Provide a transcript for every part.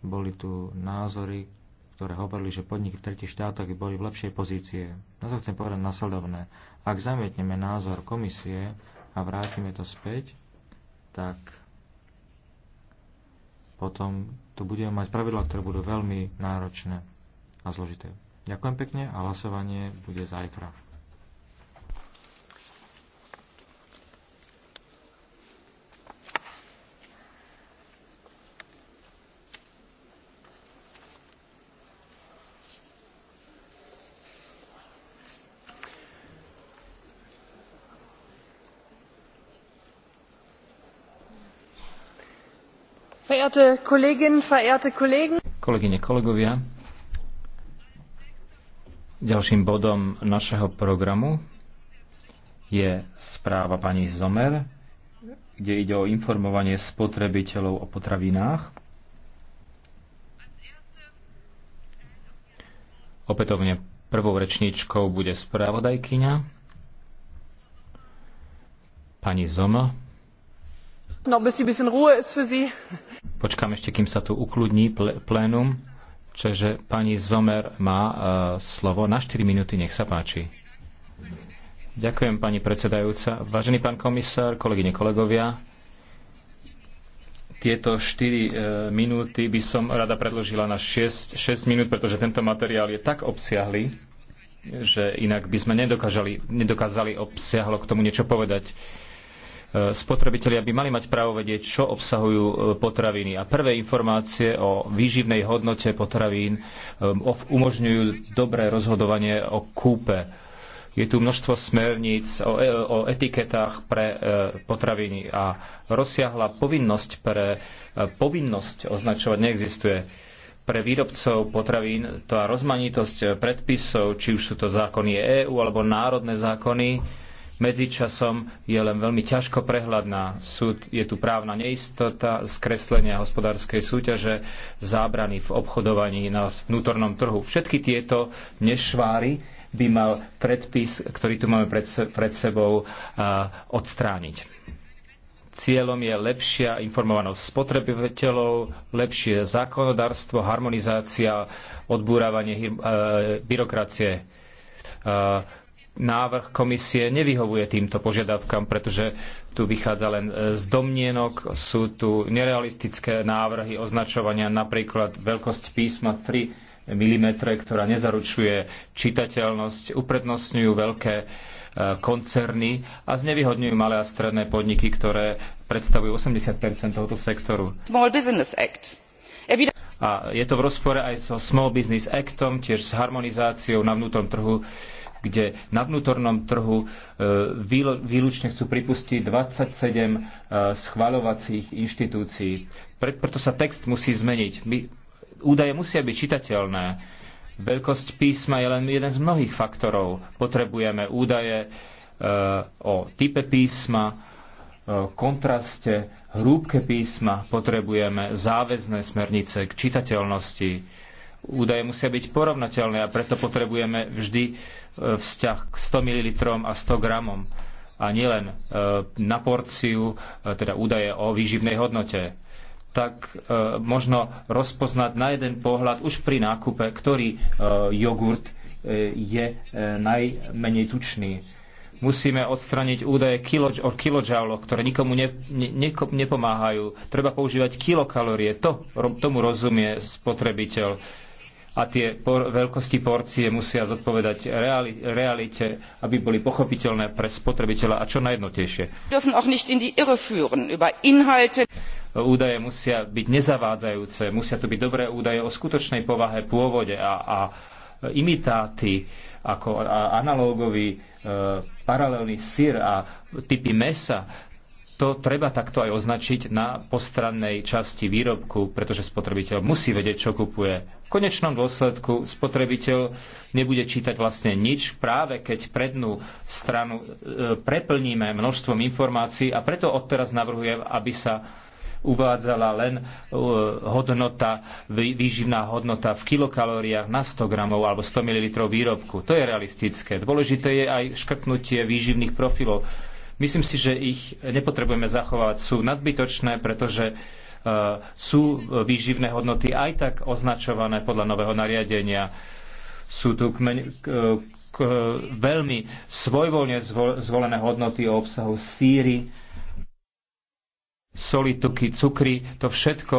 Boli tu názory, ktoré hovorili, že podniky v tretich štátoch by boli v lepšej pozície. Na to chcem povedať nasledovné. Ak zamietneme názor komisie a vrátime to späť, tak potom tu budeme mať pravidla, ktoré budú veľmi náročné a zložité. Ďakujem pekne a hlasovanie bude zajtra. verehrte Kolleginnen, verehrte Kollegen. Kolegyne, kolegovia, ďalším bodom našeho programu je správa pani Zomer, kde ide o informovanie spotrebiteľov o potravinách. Opätovne prvou rečníčkou bude správodajkyňa pani Zoma. No, ein bisschen Ruhe ist für Sie. Počkám ešte, kým sa tu ukludní plénum. Čiže pani Zomer má uh, slovo na 4 minúty, nech sa páči. Ďakujem, pani predsedajúca. Vážený pán komisár, kolegyne, kolegovia, tieto 4 e, minúty by som rada predložila na 6, 6 minút, pretože tento materiál je tak obsiahly, že inak by sme nedokázali, nedokázali obsiahlo k tomu niečo povedať. E, spotrebitelia by mali mať právo vedieť, čo obsahujú e, potraviny. A prvé informácie o výživnej hodnote potravín e, umožňujú dobré rozhodovanie o kúpe. Je tu množstvo smerníc o, o etiketách pre potraviny a rozsiahla povinnosť pre povinnosť označovať neexistuje pre výrobcov potravín tá rozmanitosť predpisov, či už sú to zákony EÚ alebo národné zákony, Medzičasom je len veľmi ťažko prehľadná. je tu právna neistota, skreslenia hospodárskej súťaže, zábrany v obchodovaní na vnútornom trhu. Všetky tieto nešváry by mal predpis, ktorý tu máme pred, pred sebou, odstrániť. Cieľom je lepšia informovanosť spotrebiteľov, lepšie zákonodárstvo, harmonizácia, odbúravanie e, byrokracie e, návrh komisie nevyhovuje týmto požiadavkám, pretože tu vychádza len e, z domnienok, sú tu nerealistické návrhy označovania, napríklad veľkosť písma 3 mm, ktorá nezaručuje čitateľnosť, uprednostňujú veľké e, koncerny a znevýhodňujú malé a stredné podniky, ktoré predstavujú 80 tohto sektoru. Small Business Act. A je to v rozpore aj so Small Business Actom, tiež s harmonizáciou na vnútornom trhu kde na vnútornom trhu e, výlučne chcú pripustiť 27 e, schvaľovacích inštitúcií. Preto sa text musí zmeniť. Údaje musia byť čitateľné. Veľkosť písma je len jeden z mnohých faktorov. Potrebujeme údaje e, o type písma, kontraste, hrúbke písma, potrebujeme záväzné smernice k čitateľnosti. Údaje musia byť porovnateľné a preto potrebujeme vždy E, vzťah k 100 ml a 100 gramom a nielen e, na porciu, e, teda údaje o výživnej hodnote tak e, možno rozpoznať na jeden pohľad už pri nákupe, ktorý e, jogurt e, je e, najmenej tučný. Musíme odstraniť údaje kiloč o kilojouloch, ktoré nikomu ne, ne, nepomáhajú. Treba používať kilokalorie. To, tomu rozumie spotrebiteľ a tie por- veľkosti porcie musia zodpovedať reali- realite, aby boli pochopiteľné pre spotrebiteľa a čo najjednotejšie. Údaje musia byť nezavádzajúce, musia to byť dobré údaje o skutočnej povahe, pôvode a, a imitáty ako analógový e, paralelný syr a typy mesa to treba takto aj označiť na postrannej časti výrobku, pretože spotrebiteľ musí vedieť, čo kupuje. V konečnom dôsledku spotrebiteľ nebude čítať vlastne nič, práve keď prednú stranu e, preplníme množstvom informácií a preto odteraz navrhujem, aby sa uvádzala len e, hodnota, výživná hodnota v kilokalóriách na 100 gramov alebo 100 ml výrobku. To je realistické. Dôležité je aj škrtnutie výživných profilov Myslím si, že ich nepotrebujeme zachovať. Sú nadbytočné, pretože e, sú výživné hodnoty aj tak označované podľa nového nariadenia. Sú tu kmeň, k, e, k, e, veľmi svojvoľne zvolené hodnoty o obsahu síry, soli, tuky, cukry. To všetko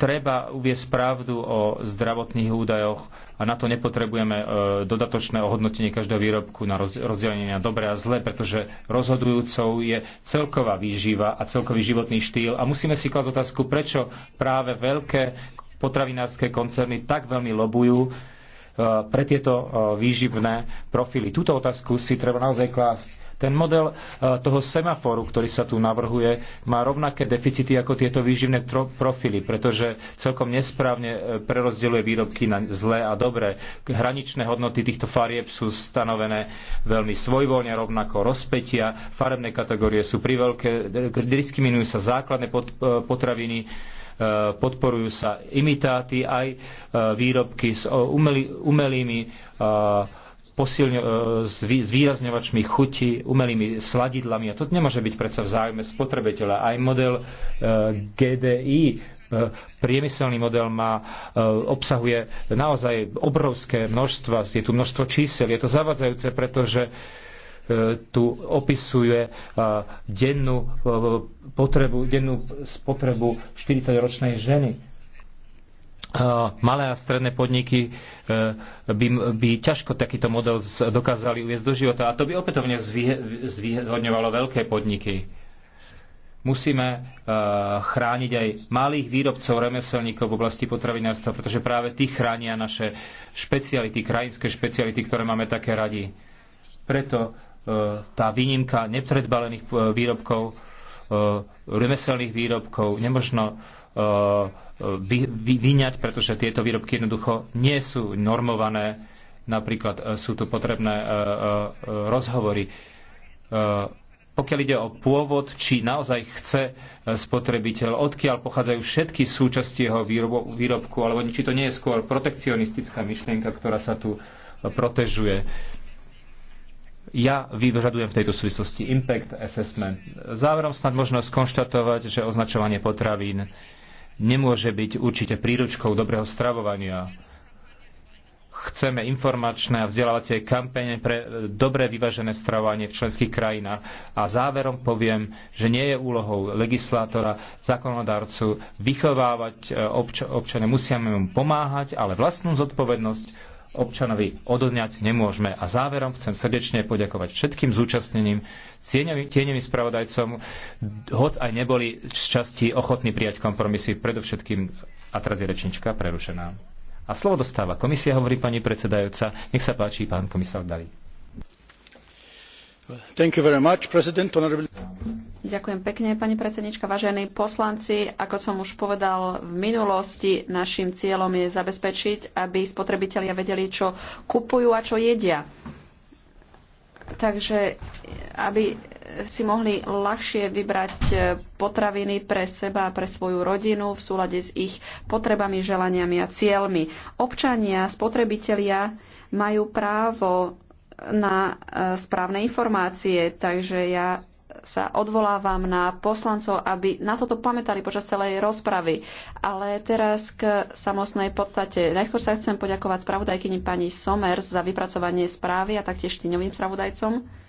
treba uviesť pravdu o zdravotných údajoch a na to nepotrebujeme e, dodatočné ohodnotenie každého výrobku na rozdelenie dobre dobré a zlé, pretože rozhodujúcou je celková výživa a celkový životný štýl. A musíme si klásť otázku, prečo práve veľké potravinárske koncerny tak veľmi lobujú e, pre tieto e, výživné profily. Túto otázku si treba naozaj klásť ten model e, toho semaforu, ktorý sa tu navrhuje, má rovnaké deficity ako tieto výživné profily, pretože celkom nesprávne e, prerozdeľuje výrobky na zlé a dobré. Hraničné hodnoty týchto farieb sú stanovené veľmi svojvoľne, rovnako rozpetia. Farebné kategórie sú priveľké, diskriminujú sa základné e, potraviny, podporujú sa imitáty aj výrobky s umelými posilňo, e, zvýrazňovačmi chuti, umelými sladidlami. A to nemôže byť predsa v záujme spotrebiteľa. Aj model e, GDI, e, priemyselný model má, obsahuje naozaj obrovské množstva, je tu množstvo čísel. Je to zavadzajúce, pretože tu opisuje dennú potrebu, dennú spotrebu 40-ročnej ženy Eh, malé a stredné podniky eh, by, by ťažko takýto model dokázali uviezť do života. A to by opätovne zvýhodňovalo veľké podniky. Musíme eh, chrániť aj malých výrobcov, remeselníkov v oblasti potravinárstva, pretože práve tí chránia naše špeciality, krajinské špeciality, ktoré máme také radi. Preto tá výnimka nepredbalených výrobkov, remeselných výrobkov, nemožno Eh, vy, vy, vyňať, pretože tieto výrobky jednoducho nie sú normované. Napríklad eh, sú tu potrebné eh, rozhovory. Pokiaľ ide o pôvod, či naozaj chce spotrebiteľ, odkiaľ pochádzajú všetky súčasti jeho výrobku, alebo či to nie je skôr protekcionistická myšlienka, ktorá sa tu protežuje. Ja vyžadujem v tejto súvislosti impact assessment. Záverom snad možno skonštatovať, že označovanie potravín nemôže byť určite príručkou dobrého stravovania. Chceme informačné a vzdelávacie kampene pre dobre vyvážené stravovanie v členských krajinách. A záverom poviem, že nie je úlohou legislátora, zákonodárcu vychovávať eh, obč- občania. Musíme mu pomáhať, ale vlastnú zodpovednosť občanovi odozňať nemôžeme. A záverom chcem srdečne poďakovať všetkým zúčastneným, tieňovým spravodajcom, hoď aj neboli z časti ochotní prijať kompromisy, predovšetkým, a teraz je rečnička prerušená. A slovo dostáva komisia, hovorí pani predsedajúca. Nech sa páči, pán komisár Dali. Ďakujem pekne, pani predsednička, vážení poslanci. Ako som už povedal v minulosti, našim cieľom je zabezpečiť, aby spotrebitelia vedeli, čo kupujú a čo jedia. Takže aby si mohli ľahšie vybrať eh, potraviny pre seba a pre svoju rodinu v súlade s ich potrebami, želaniami a cieľmi. Občania, spotrebitelia majú právo na e, správne informácie. Takže ja sa odvolávam na poslancov, aby na toto pamätali počas celej rozpravy. Ale teraz k samostnej podstate. Najskôr sa chcem poďakovať spravodajkyni pani Somers za vypracovanie správy a taktiež týňovým spravodajcom.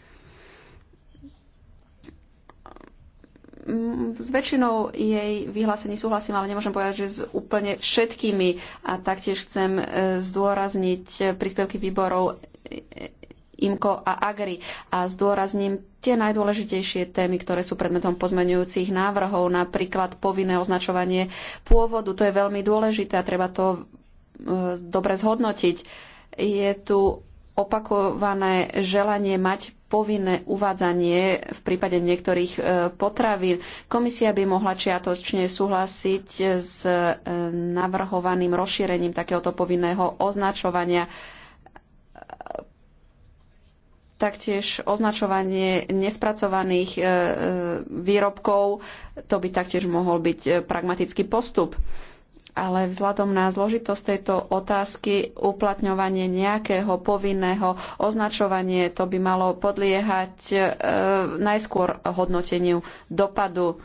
s väčšinou jej vyhlásení súhlasím, ale nemôžem povedať, že s úplne všetkými. A taktiež chcem e, zdôrazniť e, príspevky výborov IMKO a AGRI a zdôrazním tie najdôležitejšie témy, ktoré sú predmetom pozmenujúcich návrhov, napríklad povinné označovanie pôvodu. To je veľmi dôležité a treba to e, dobre zhodnotiť. Je tu opakované želanie mať povinné uvádzanie v prípade niektorých e, potravín. Komisia by mohla čiatočne súhlasiť s e, navrhovaným rozšírením takéhoto povinného označovania taktiež označovanie nespracovaných e, e, výrobkov, to by taktiež mohol byť e, pragmatický postup. Ale vzhľadom na zložitosť tejto otázky, uplatňovanie nejakého povinného označovanie, to by malo podliehať najskôr hodnoteniu dopadu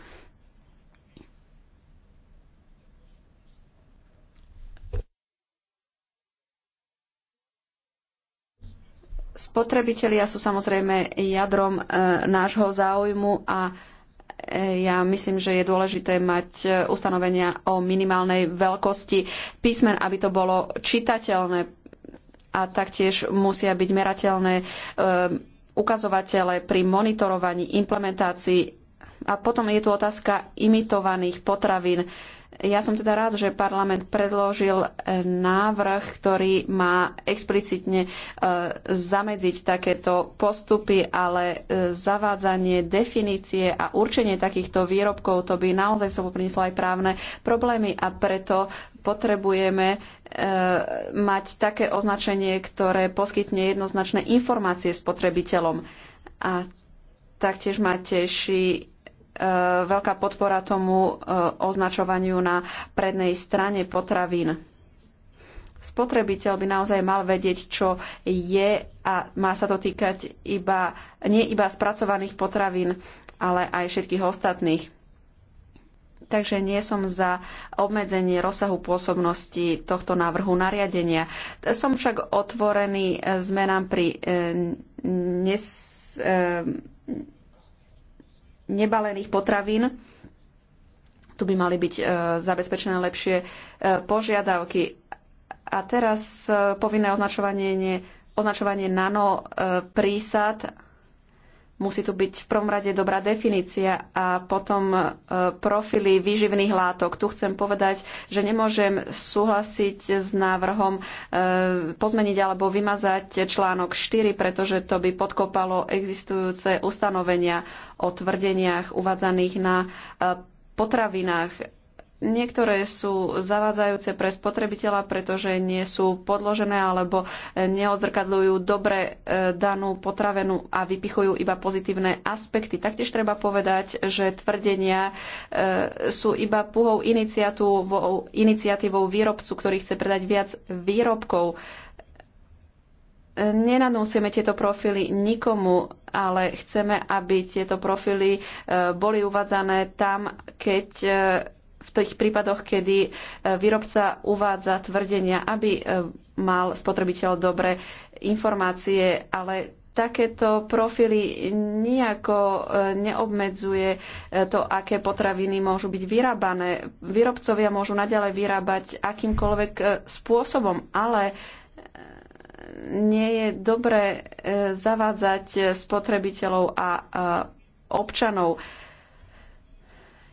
Spotrebitelia sú samozrejme jadrom e, nášho záujmu a e, ja myslím, že je dôležité mať e, ustanovenia o minimálnej veľkosti písmen, aby to bolo čitateľné a taktiež musia byť merateľné ukazovatele pri monitorovaní implementácií. A potom je tu otázka imitovaných potravín. Ja som teda rád, že parlament predložil e, návrh, ktorý má explicitne e, zamedziť takéto postupy, ale e, zavádzanie definície a určenie takýchto výrobkov to by naozaj sobo prinieslo aj právne problémy a preto potrebujeme mať také označenie, ktoré poskytne jednoznačné informácie spotrebiteľom. A taktiež ma teší Eh, veľká podpora tomu eh, označovaniu na prednej strane potravín. Spotrebiteľ by naozaj mal vedieť, čo je a má sa to týkať iba, nie iba spracovaných potravín, ale aj všetkých ostatných. Takže nie som za obmedzenie rozsahu pôsobnosti tohto návrhu nariadenia. Som však otvorený eh, zmenám pri nes, nebalených potravín. Tu by mali byť e, zabezpečené lepšie e, požiadavky. A teraz e, povinné označovanie, označovanie nano prísad Musí tu byť v prvom rade dobrá definícia a potom e, profily výživných látok. Tu chcem povedať, že nemôžem súhlasiť s návrhom e, pozmeniť alebo vymazať článok 4, pretože to by podkopalo existujúce ustanovenia o tvrdeniach uvádzaných na e, potravinách Niektoré sú zavádzajúce pre spotrebiteľa, pretože nie sú podložené alebo neodzrkadľujú dobre e, danú potravenú a vypichujú iba pozitívne aspekty. Taktiež treba povedať, že tvrdenia e, sú iba puhou iniciatívou, iniciatívou výrobcu, ktorý chce predať viac výrobkov. E, Nenanúcujeme tieto profily nikomu, ale chceme, aby tieto profily boli uvádzané tam, keď v tých prípadoch, kedy e, výrobca uvádza tvrdenia, aby e, mal spotrebiteľ dobre informácie, ale takéto profily nejako e, neobmedzuje to, aké potraviny môžu byť vyrábané. Výrobcovia môžu naďalej vyrábať akýmkoľvek spôsobom, ale nie je dobre zavádzať spotrebiteľov a občanov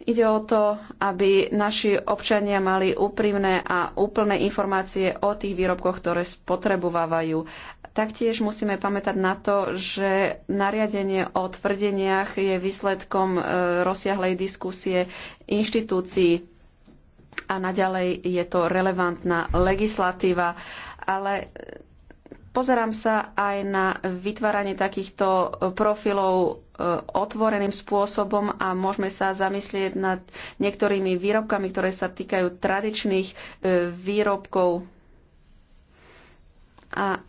Ide o to, aby naši občania mali úprimné a úplné informácie o tých výrobkoch, ktoré spotrebovávajú. Taktiež musíme pamätať na to, že nariadenie o tvrdeniach je výsledkom e, rozsiahlej diskusie inštitúcií a naďalej je to relevantná legislatíva, ale Pozerám sa aj na vytváranie takýchto profilov e, otvoreným spôsobom a môžeme sa zamyslieť nad niektorými výrobkami, ktoré sa týkajú tradičných e, výrobkov. A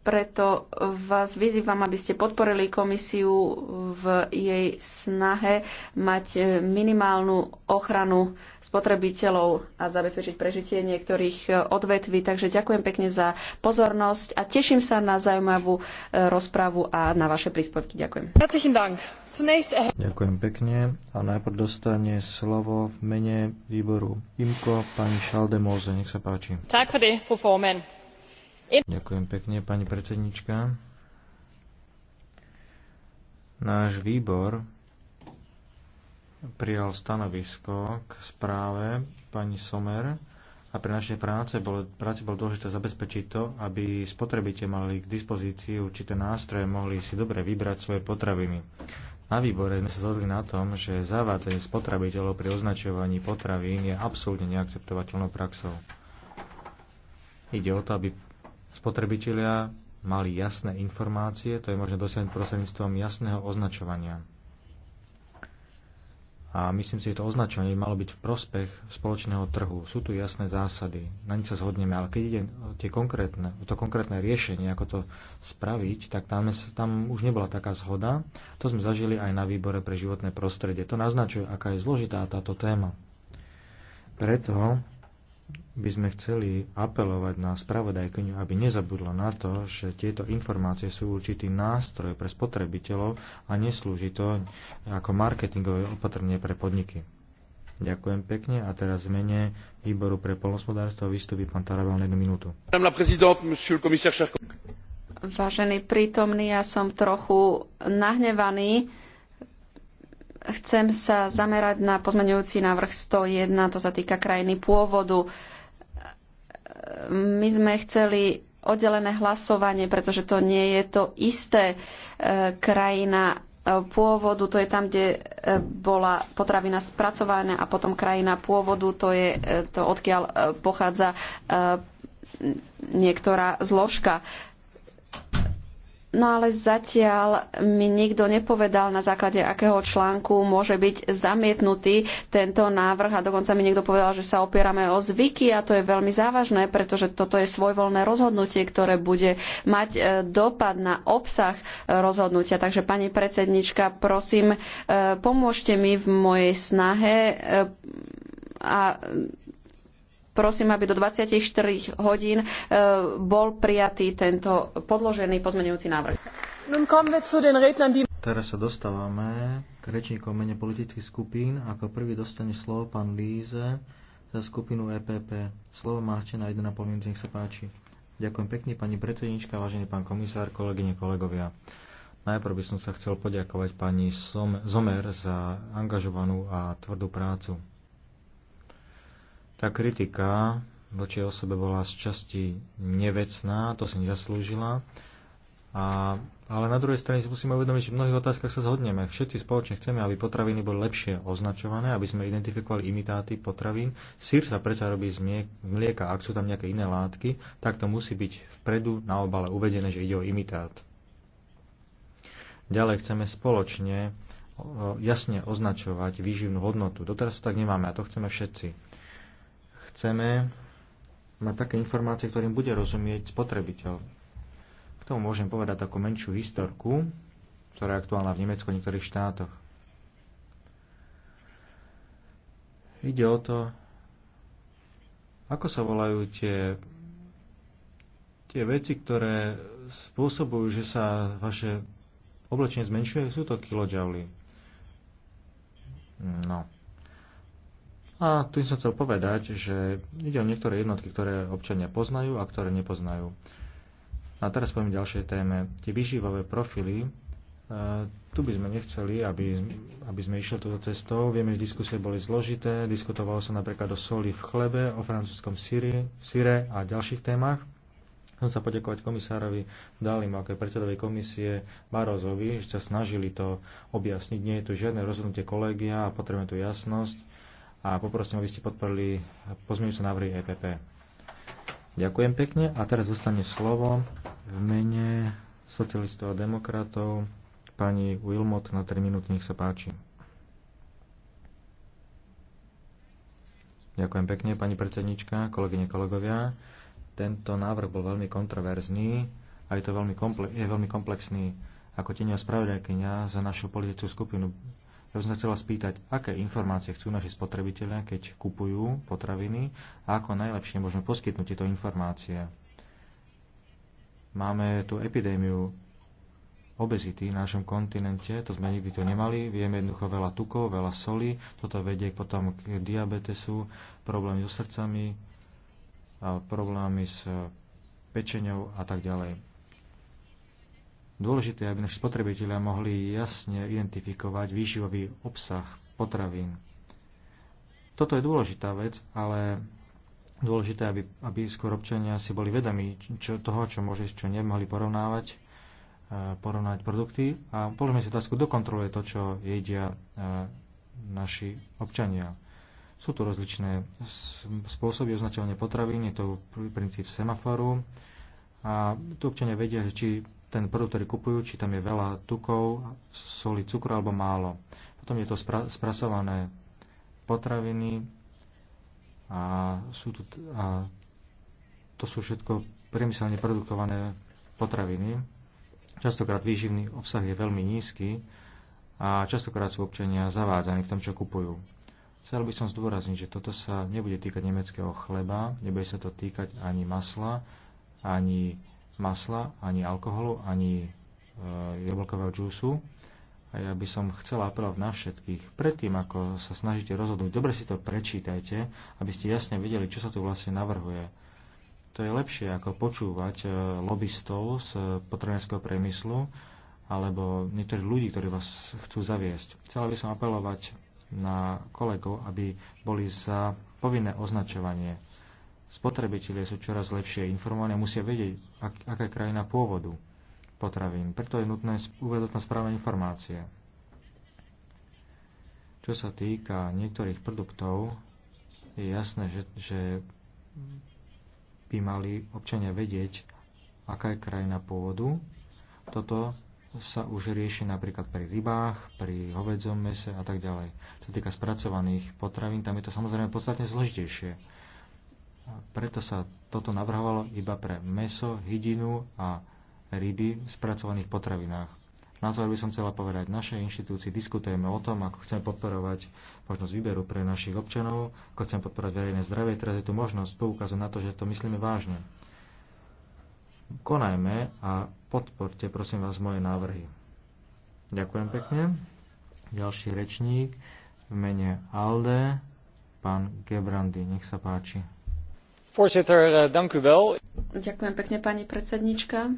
preto vás vyzývam, aby ste podporili komisiu v jej snahe mať e, minimálnu ochranu spotrebiteľov a zabezpečiť prežitie niektorých e, odvetví. Takže ďakujem pekne za pozornosť a teším sa na zaujímavú e, rozpravu a na vaše príspevky. Ďakujem. Ďakujem pekne a najprv dostane slovo v mene výboru IMKO pani Šaldemóze. Nech sa páči. Ďakujem, for Ďakujem pekne, pani predsednička. Náš výbor prijal stanovisko k správe pani Somer a pre našej práce bolo, práci bolo dôležité zabezpečiť to, aby spotrebite mali k dispozícii určité nástroje, mohli si dobre vybrať svoje potraviny. Na výbore sme sa zhodli na tom, že zavádzanie spotrebiteľov pri označovaní potravín je absolútne neakceptovateľnou praxou. Ide o to, aby spotrebitelia mali jasné informácie, to je možné dosiahnuť prostredníctvom jasného označovania. A myslím si, že to označovanie malo byť v prospech spoločného trhu. Sú tu jasné zásady, na nich sa zhodneme, ale keď ide o, tie konkrétne, o to konkrétne riešenie, ako to spraviť, tak tam, tam už nebola taká zhoda. To sme zažili aj na výbore pre životné prostredie. To naznačuje, aká je zložitá táto téma. Preto by sme chceli apelovať na spravodajkyňu, aby nezabudla na to, že tieto informácie sú určitý nástroj pre spotrebiteľov a neslúži to ako marketingové opatrenie pre podniky. Ďakujem pekne a teraz zmene mene výboru pre polnospodárstvo vystúpi pán Tarabel na jednu minútu. Vážený prítomný, ja som trochu nahnevaný. Chcem sa zamerať na pozmeňujúci návrh 101, to sa týka krajiny pôvodu my sme chceli oddelené hlasovanie, pretože to nie je to isté. E, krajina e, pôvodu, to je tam, kde e, bola potravina spracovaná a potom krajina pôvodu, to je to, odkiaľ pochádza niektorá zložka. No ale zatiaľ mi nikto nepovedal, na základe akého článku môže byť zamietnutý tento návrh a dokonca mi niekto povedal, že sa opierame o zvyky a to je veľmi závažné, pretože toto je svojvoľné rozhodnutie, ktoré bude mať e, dopad na obsah e, rozhodnutia. Takže pani predsednička, prosím, e, pomôžte mi v mojej snahe a prosím, aby do 24 hodín e, bol prijatý tento podložený pozmenujúci návrh. Teraz sa dostávame k rečníkom mene politických skupín. Ako prvý dostane slovo pán Líze za skupinu EPP. Slovo máte na 1,5 minúty, nech sa páči. Ďakujem pekne, pani predsednička, vážený pán komisár, kolegyne, kolegovia. Najprv by som sa chcel poďakovať pani Zomer za angažovanú a tvrdú prácu tá kritika voči osobe bola z časti nevecná, to si nezaslúžila. A, ale na druhej strane si musíme uvedomiť, že v mnohých otázkach sa zhodneme. Všetci spoločne chceme, aby potraviny boli lepšie označované, aby sme identifikovali imitáty potravín. Sýr sa predsa robí z mlieka, ak sú tam nejaké iné látky, tak to musí byť vpredu na obale uvedené, že ide o imitát. Ďalej chceme spoločne jasne označovať výživnú hodnotu. Doteraz to tak nemáme a to chceme všetci chceme mať také informácie, ktorým bude rozumieť spotrebiteľ. K tomu môžem povedať takú menšiu historku, ktorá je aktuálna v Nemecku v niektorých štátoch. Ide o to, ako sa volajú tie, tie veci, ktoré spôsobujú, že sa vaše oblečenie zmenšuje, sú to kilojouly. No. A tu som chcel povedať, že ide o niektoré jednotky, ktoré občania poznajú a ktoré nepoznajú. A teraz poviem ďalšej téme. Tie vyživové profily, e, tu by sme nechceli, aby, aby sme išli túto cestou. Vieme, že diskusie boli zložité. Diskutovalo sa napríklad o soli v chlebe, o francúzskom síre, síre a ďalších témach. Chcem sa poďakovať komisárovi Dalimu, ako aj predsedovej komisie Barozovi, že sa snažili to objasniť. Nie je tu žiadne rozhodnutie kolégia a potrebujeme tu jasnosť a poprosím, aby ste podporili pozmeňujúce návrhy EPP. Ďakujem pekne a teraz zostane slovo v mene socialistov a demokratov pani Wilmot na 3 minúty, nech sa páči. Ďakujem pekne, pani predsednička, kolegyne, kolegovia. Tento návrh bol veľmi kontroverzný a je to veľmi, komple- je veľmi komplexný. Ako tenia spravodajkynia za našu politickú skupinu ja by som sa chcela spýtať, aké informácie chcú naši spotrebitelia, keď kupujú potraviny a ako najlepšie môžeme poskytnúť tieto informácie. Máme tu epidémiu obezity v našom kontinente, to sme nikdy to nemali, vieme jednoducho veľa tukov, veľa soli, toto vedie potom k diabetesu, problémy so srdcami, problémy s pečenou a tak ďalej. Dôležité, aby naši spotrebitelia mohli jasne identifikovať výživový obsah potravín. Toto je dôležitá vec, ale dôležité, aby, aby skôr občania si boli vedomí čo, toho, čo môže, čo nemohli porovnávať, e, porovnať produkty a položme si otázku, kto kontroluje to, čo jedia e, naši občania. Sú tu rozličné spôsoby označovania potravín, je to princíp semaforu a tu občania vedia, či ten produkt, ktorý kupujú, či tam je veľa tukov, soli, cukru alebo málo. Potom je to spra- spracované potraviny a, sú tu, a to sú všetko priemyselne produkované potraviny. Častokrát výživný obsah je veľmi nízky a častokrát sú občania zavádzaní v tom, čo kupujú. Chcel by som zdôrazniť, že toto sa nebude týkať nemeckého chleba, nebude sa to týkať ani masla, ani masla, ani alkoholu, ani e, jablkového džúsu. A ja by som chcela apelovať na všetkých. Predtým, ako sa snažíte rozhodnúť, dobre si to prečítajte, aby ste jasne videli, čo sa tu vlastne navrhuje. To je lepšie, ako počúvať e, lobbystov z e, potravinárskeho priemyslu alebo niektorých ľudí, ktorí vás chcú zaviesť. Chcela by som apelovať na kolegov, aby boli za povinné označovanie Spotrebitelia sú čoraz lepšie informovaní a musia vedieť, ak, aká je krajina pôvodu potravín. Preto je nutné uvedať na správne informácie. Čo sa týka niektorých produktov, je jasné, že, že by mali občania vedieť, aká je krajina pôvodu. Toto sa už rieši napríklad pri rybách, pri hovedzom mese a tak ďalej. Čo sa týka spracovaných potravín, tam je to samozrejme podstatne zložitejšie preto sa toto navrhovalo iba pre meso, hydinu a ryby v spracovaných potravinách. Na záver by som chcela povedať, našej inštitúcii diskutujeme o tom, ako chceme podporovať možnosť výberu pre našich občanov, ako chceme podporovať verejné zdravie. Teraz je tu možnosť poukázať na to, že to myslíme vážne. Konajme a podporte, prosím vás, moje návrhy. Ďakujem pekne. Ďalší rečník v mene ALDE, pán Gebrandy, nech sa páči. Voorzitter, eh, dank u wel. Ďakujem pekne, pani predsednička.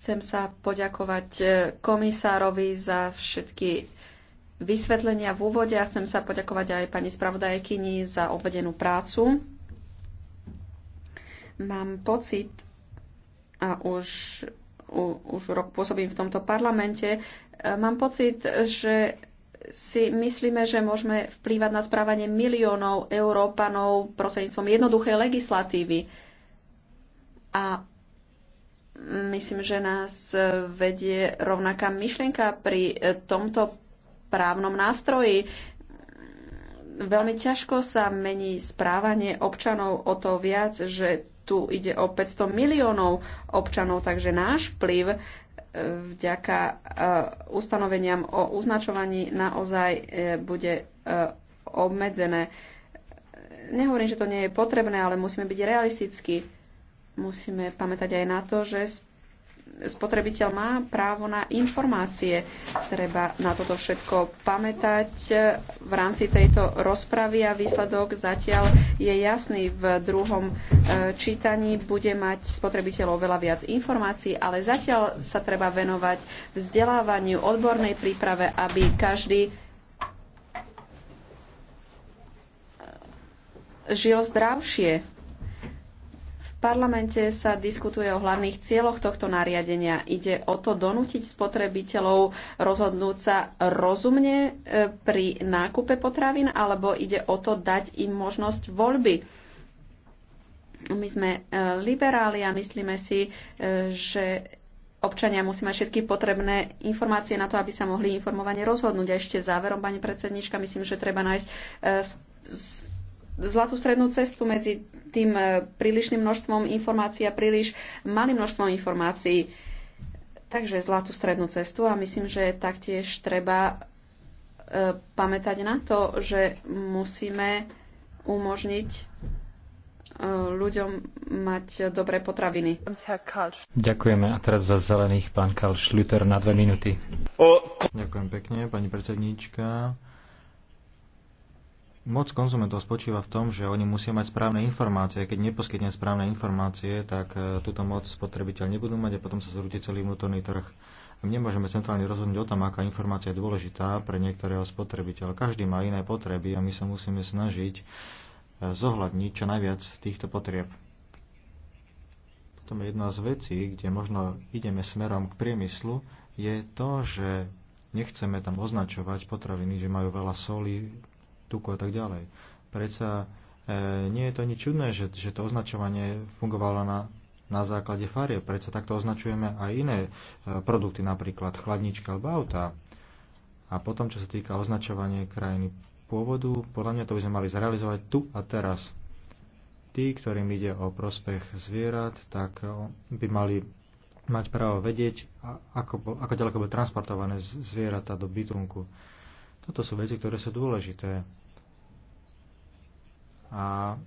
Chcem sa poďakovať eh, komisárovi za všetky vysvetlenia v úvode a chcem sa poďakovať aj pani spravodajkyni za obvedenú prácu. Mám pocit, a už, u, už rok pôsobím v tomto parlamente, eh, mám pocit, že si myslíme, že môžeme vplývať na správanie miliónov Európanov prostredníctvom jednoduchej legislatívy. A myslím, že nás vedie rovnaká myšlienka pri tomto právnom nástroji. Veľmi ťažko sa mení správanie občanov o to viac, že tu ide o 500 miliónov občanov, takže náš vplyv vďaka eh, ustanoveniam o označovaní naozaj eh, bude eh, obmedzené. Nehovorím, že to nie je potrebné, ale musíme byť realistickí. Musíme pamätať aj na to, že spotrebiteľ má právo na informácie. Treba na toto všetko pamätať v rámci tejto rozpravy a výsledok zatiaľ je jasný. V druhom e, čítaní bude mať spotrebiteľov veľa viac informácií, ale zatiaľ sa treba venovať vzdelávaniu, odbornej príprave, aby každý e, žil zdravšie parlamente sa diskutuje o hlavných cieľoch tohto nariadenia. Ide o to donútiť spotrebiteľov rozhodnúť sa rozumne e, pri nákupe potravín, alebo ide o to dať im možnosť voľby. My sme e, liberáli a myslíme si, e, že občania musí mať všetky potrebné informácie na to, aby sa mohli informovane rozhodnúť. A ešte záverom, pani predsednička, myslím, že treba nájsť zlatú strednú cestu medzi tým e, prílišným množstvom informácií a príliš malým množstvom informácií. Takže zlatú strednú cestu a myslím, že taktiež treba e, pamätať na to, že musíme umožniť e, ľuďom mať dobré potraviny. Ďakujeme. A teraz za zelených pán Karl Schlüter na dve minúty. Ďakujem pekne, pani predsedníčka. Moc konzumentov spočíva v tom, že oni musia mať správne informácie. Keď neposkytne správne informácie, tak e, túto moc spotrebiteľ nebudú mať a potom sa zrúti celý vnútorný trh. My nemôžeme centrálne rozhodnúť o tom, aká informácia je dôležitá pre niektorého spotrebiteľa. Každý má iné potreby a my sa musíme snažiť e, zohľadniť čo najviac týchto potrieb. Potom jedna z vecí, kde možno ideme smerom k priemyslu, je to, že nechceme tam označovať potraviny, že majú veľa soli, tuku a tak ďalej. Predsa e, nie je to nič čudné, že, že to označovanie fungovalo na, na základe farie. Predsa takto označujeme aj iné e, produkty, napríklad chladnička alebo auta. A potom, čo sa týka označovania krajiny pôvodu, podľa mňa to by sme mali zrealizovať tu a teraz. Tí, ktorým ide o prospech zvierat, tak e, by mali mať právo vedieť, ako, ako ďaleko bude transportované zvieratá do bytunku. Toto sú veci, ktoré sú dôležité. A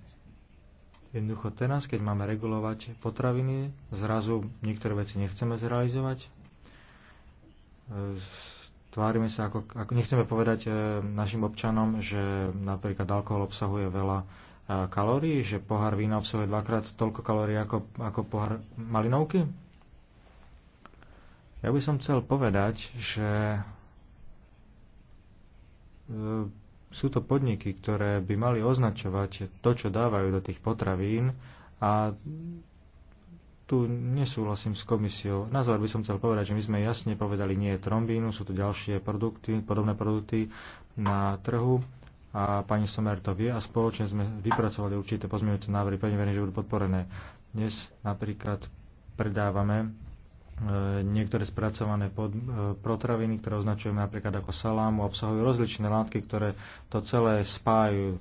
jednoducho teraz, keď máme regulovať potraviny, zrazu niektoré veci nechceme zrealizovať. E, tvárime sa ako, ako nechceme povedať e, našim občanom, že napríklad alkohol obsahuje veľa e, kalórií, že pohár vína obsahuje dvakrát toľko kalórií ako, ako pohár malinovky? Ja by som chcel povedať, že sú to podniky, ktoré by mali označovať to, čo dávajú do tých potravín a tu nesúhlasím s komisiou. Na záver by som chcel povedať, že my sme jasne povedali nie trombínu, sú tu ďalšie produkty, podobné produkty na trhu a pani Somer to vie a spoločne sme vypracovali určité pozmeňujúce návrhy, pevne verím, že budú podporené. Dnes napríklad predávame E, niektoré spracované pod, e, protraviny, ktoré označujeme napríklad ako salámu, obsahujú rozličné látky, ktoré to celé spájajú.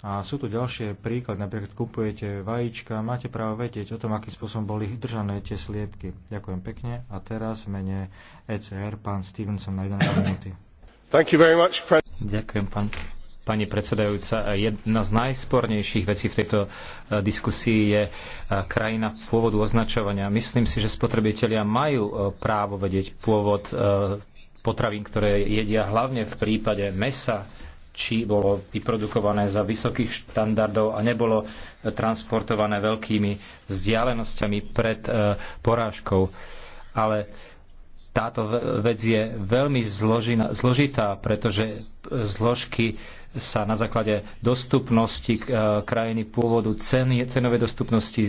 A sú tu ďalšie príklady, napríklad kupujete vajíčka, máte právo vedieť o tom, akým spôsobom boli držané tie sliepky. Ďakujem pekne. A teraz mene ECR pán Stevenson na 1 minúty. Ďakujem, pán pani predsedajúca. Jedna z najspornejších vecí v tejto e, diskusii je e, krajina pôvodu označovania. Myslím si, že spotrebitelia majú e, právo vedieť pôvod potravín, ktoré jedia hlavne v prípade mesa, či bolo vyprodukované za vysokých štandardov a nebolo transportované veľkými vzdialenosťami pred porážkou. Ale táto vec je veľmi zložitá, pretože zložky sa na základe dostupnosti e, krajiny pôvodu, ceny, cenové dostupnosti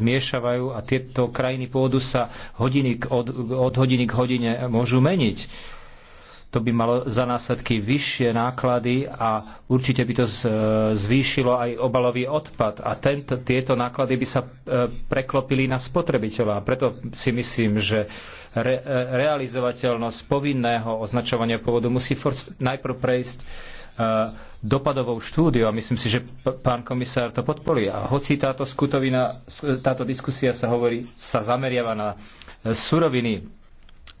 zmiešavajú a tieto krajiny pôvodu sa hodiny k od, od hodiny k hodine môžu meniť. To by malo za následky vyššie náklady a určite by to e, zvýšilo aj obalový odpad. A tento, tieto náklady by sa e, preklopili na spotrebiteľa. Preto si myslím, že re, realizovateľnosť povinného označovania pôvodu musí najprv prejsť dopadovou štúdiu a myslím si, že pán komisár to podporí. A hoci táto skutovina, táto diskusia sa hovorí, sa zameriava na e, suroviny,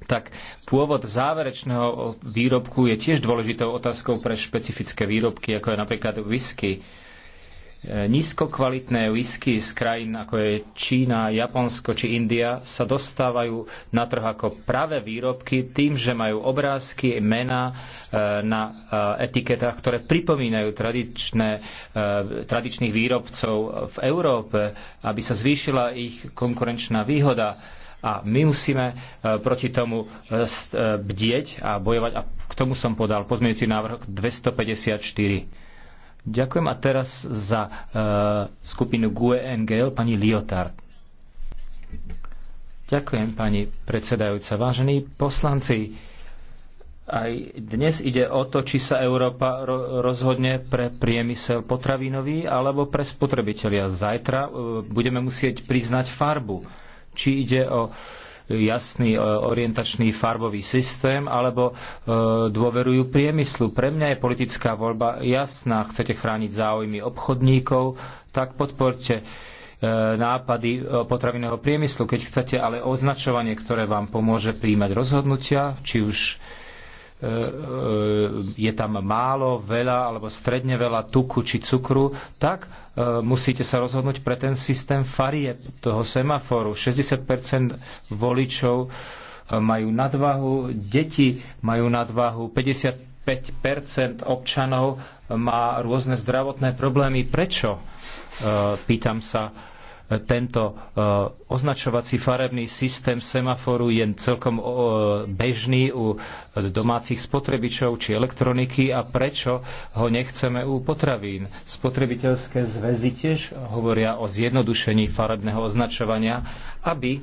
tak pôvod záverečného výrobku je tiež dôležitou otázkou pre špecifické výrobky, ako je napríklad whisky E, nízkokvalitné whisky z krajín ako je Čína, Japonsko či India sa dostávajú na trh ako práve výrobky tým, že majú obrázky, mená e, na e, etiketách, ktoré pripomínajú tradičné, tradičných výrobcov v Európe, aby sa zvýšila ich konkurenčná výhoda. A my musíme proti tomu bdieť a bojovať. A k tomu som podal pozmeňujúci návrh 254. Ďakujem a teraz za eh, skupinu GUE NGL pani Liotard. Ďakujem, pani predsedajúca. Vážení poslanci, aj dnes ide o to, či sa Európa rozhodne pre priemysel potravinový alebo pre spotrebitelia. Zajtra eh, budeme musieť priznať farbu, či ide o jasný e, orientačný farbový systém, alebo e, dôverujú priemyslu. Pre mňa je politická voľba jasná. Chcete chrániť záujmy obchodníkov, tak podporte e, nápady potravinného priemyslu. Keď chcete ale označovanie, ktoré vám pomôže príjmať rozhodnutia, či už E, e, je tam málo, veľa alebo stredne veľa tuku či cukru, tak e, musíte sa rozhodnúť pre ten systém farie toho semaforu. 60% voličov majú nadvahu, deti majú nadvahu, 55% občanov má rôzne zdravotné problémy. Prečo? Pýtam sa tento e, označovací farebný systém semaforu je celkom e, bežný u domácich spotrebičov či elektroniky a prečo ho nechceme u potravín. Spotrebiteľské zväzy tiež hovoria o zjednodušení farebného označovania, aby e,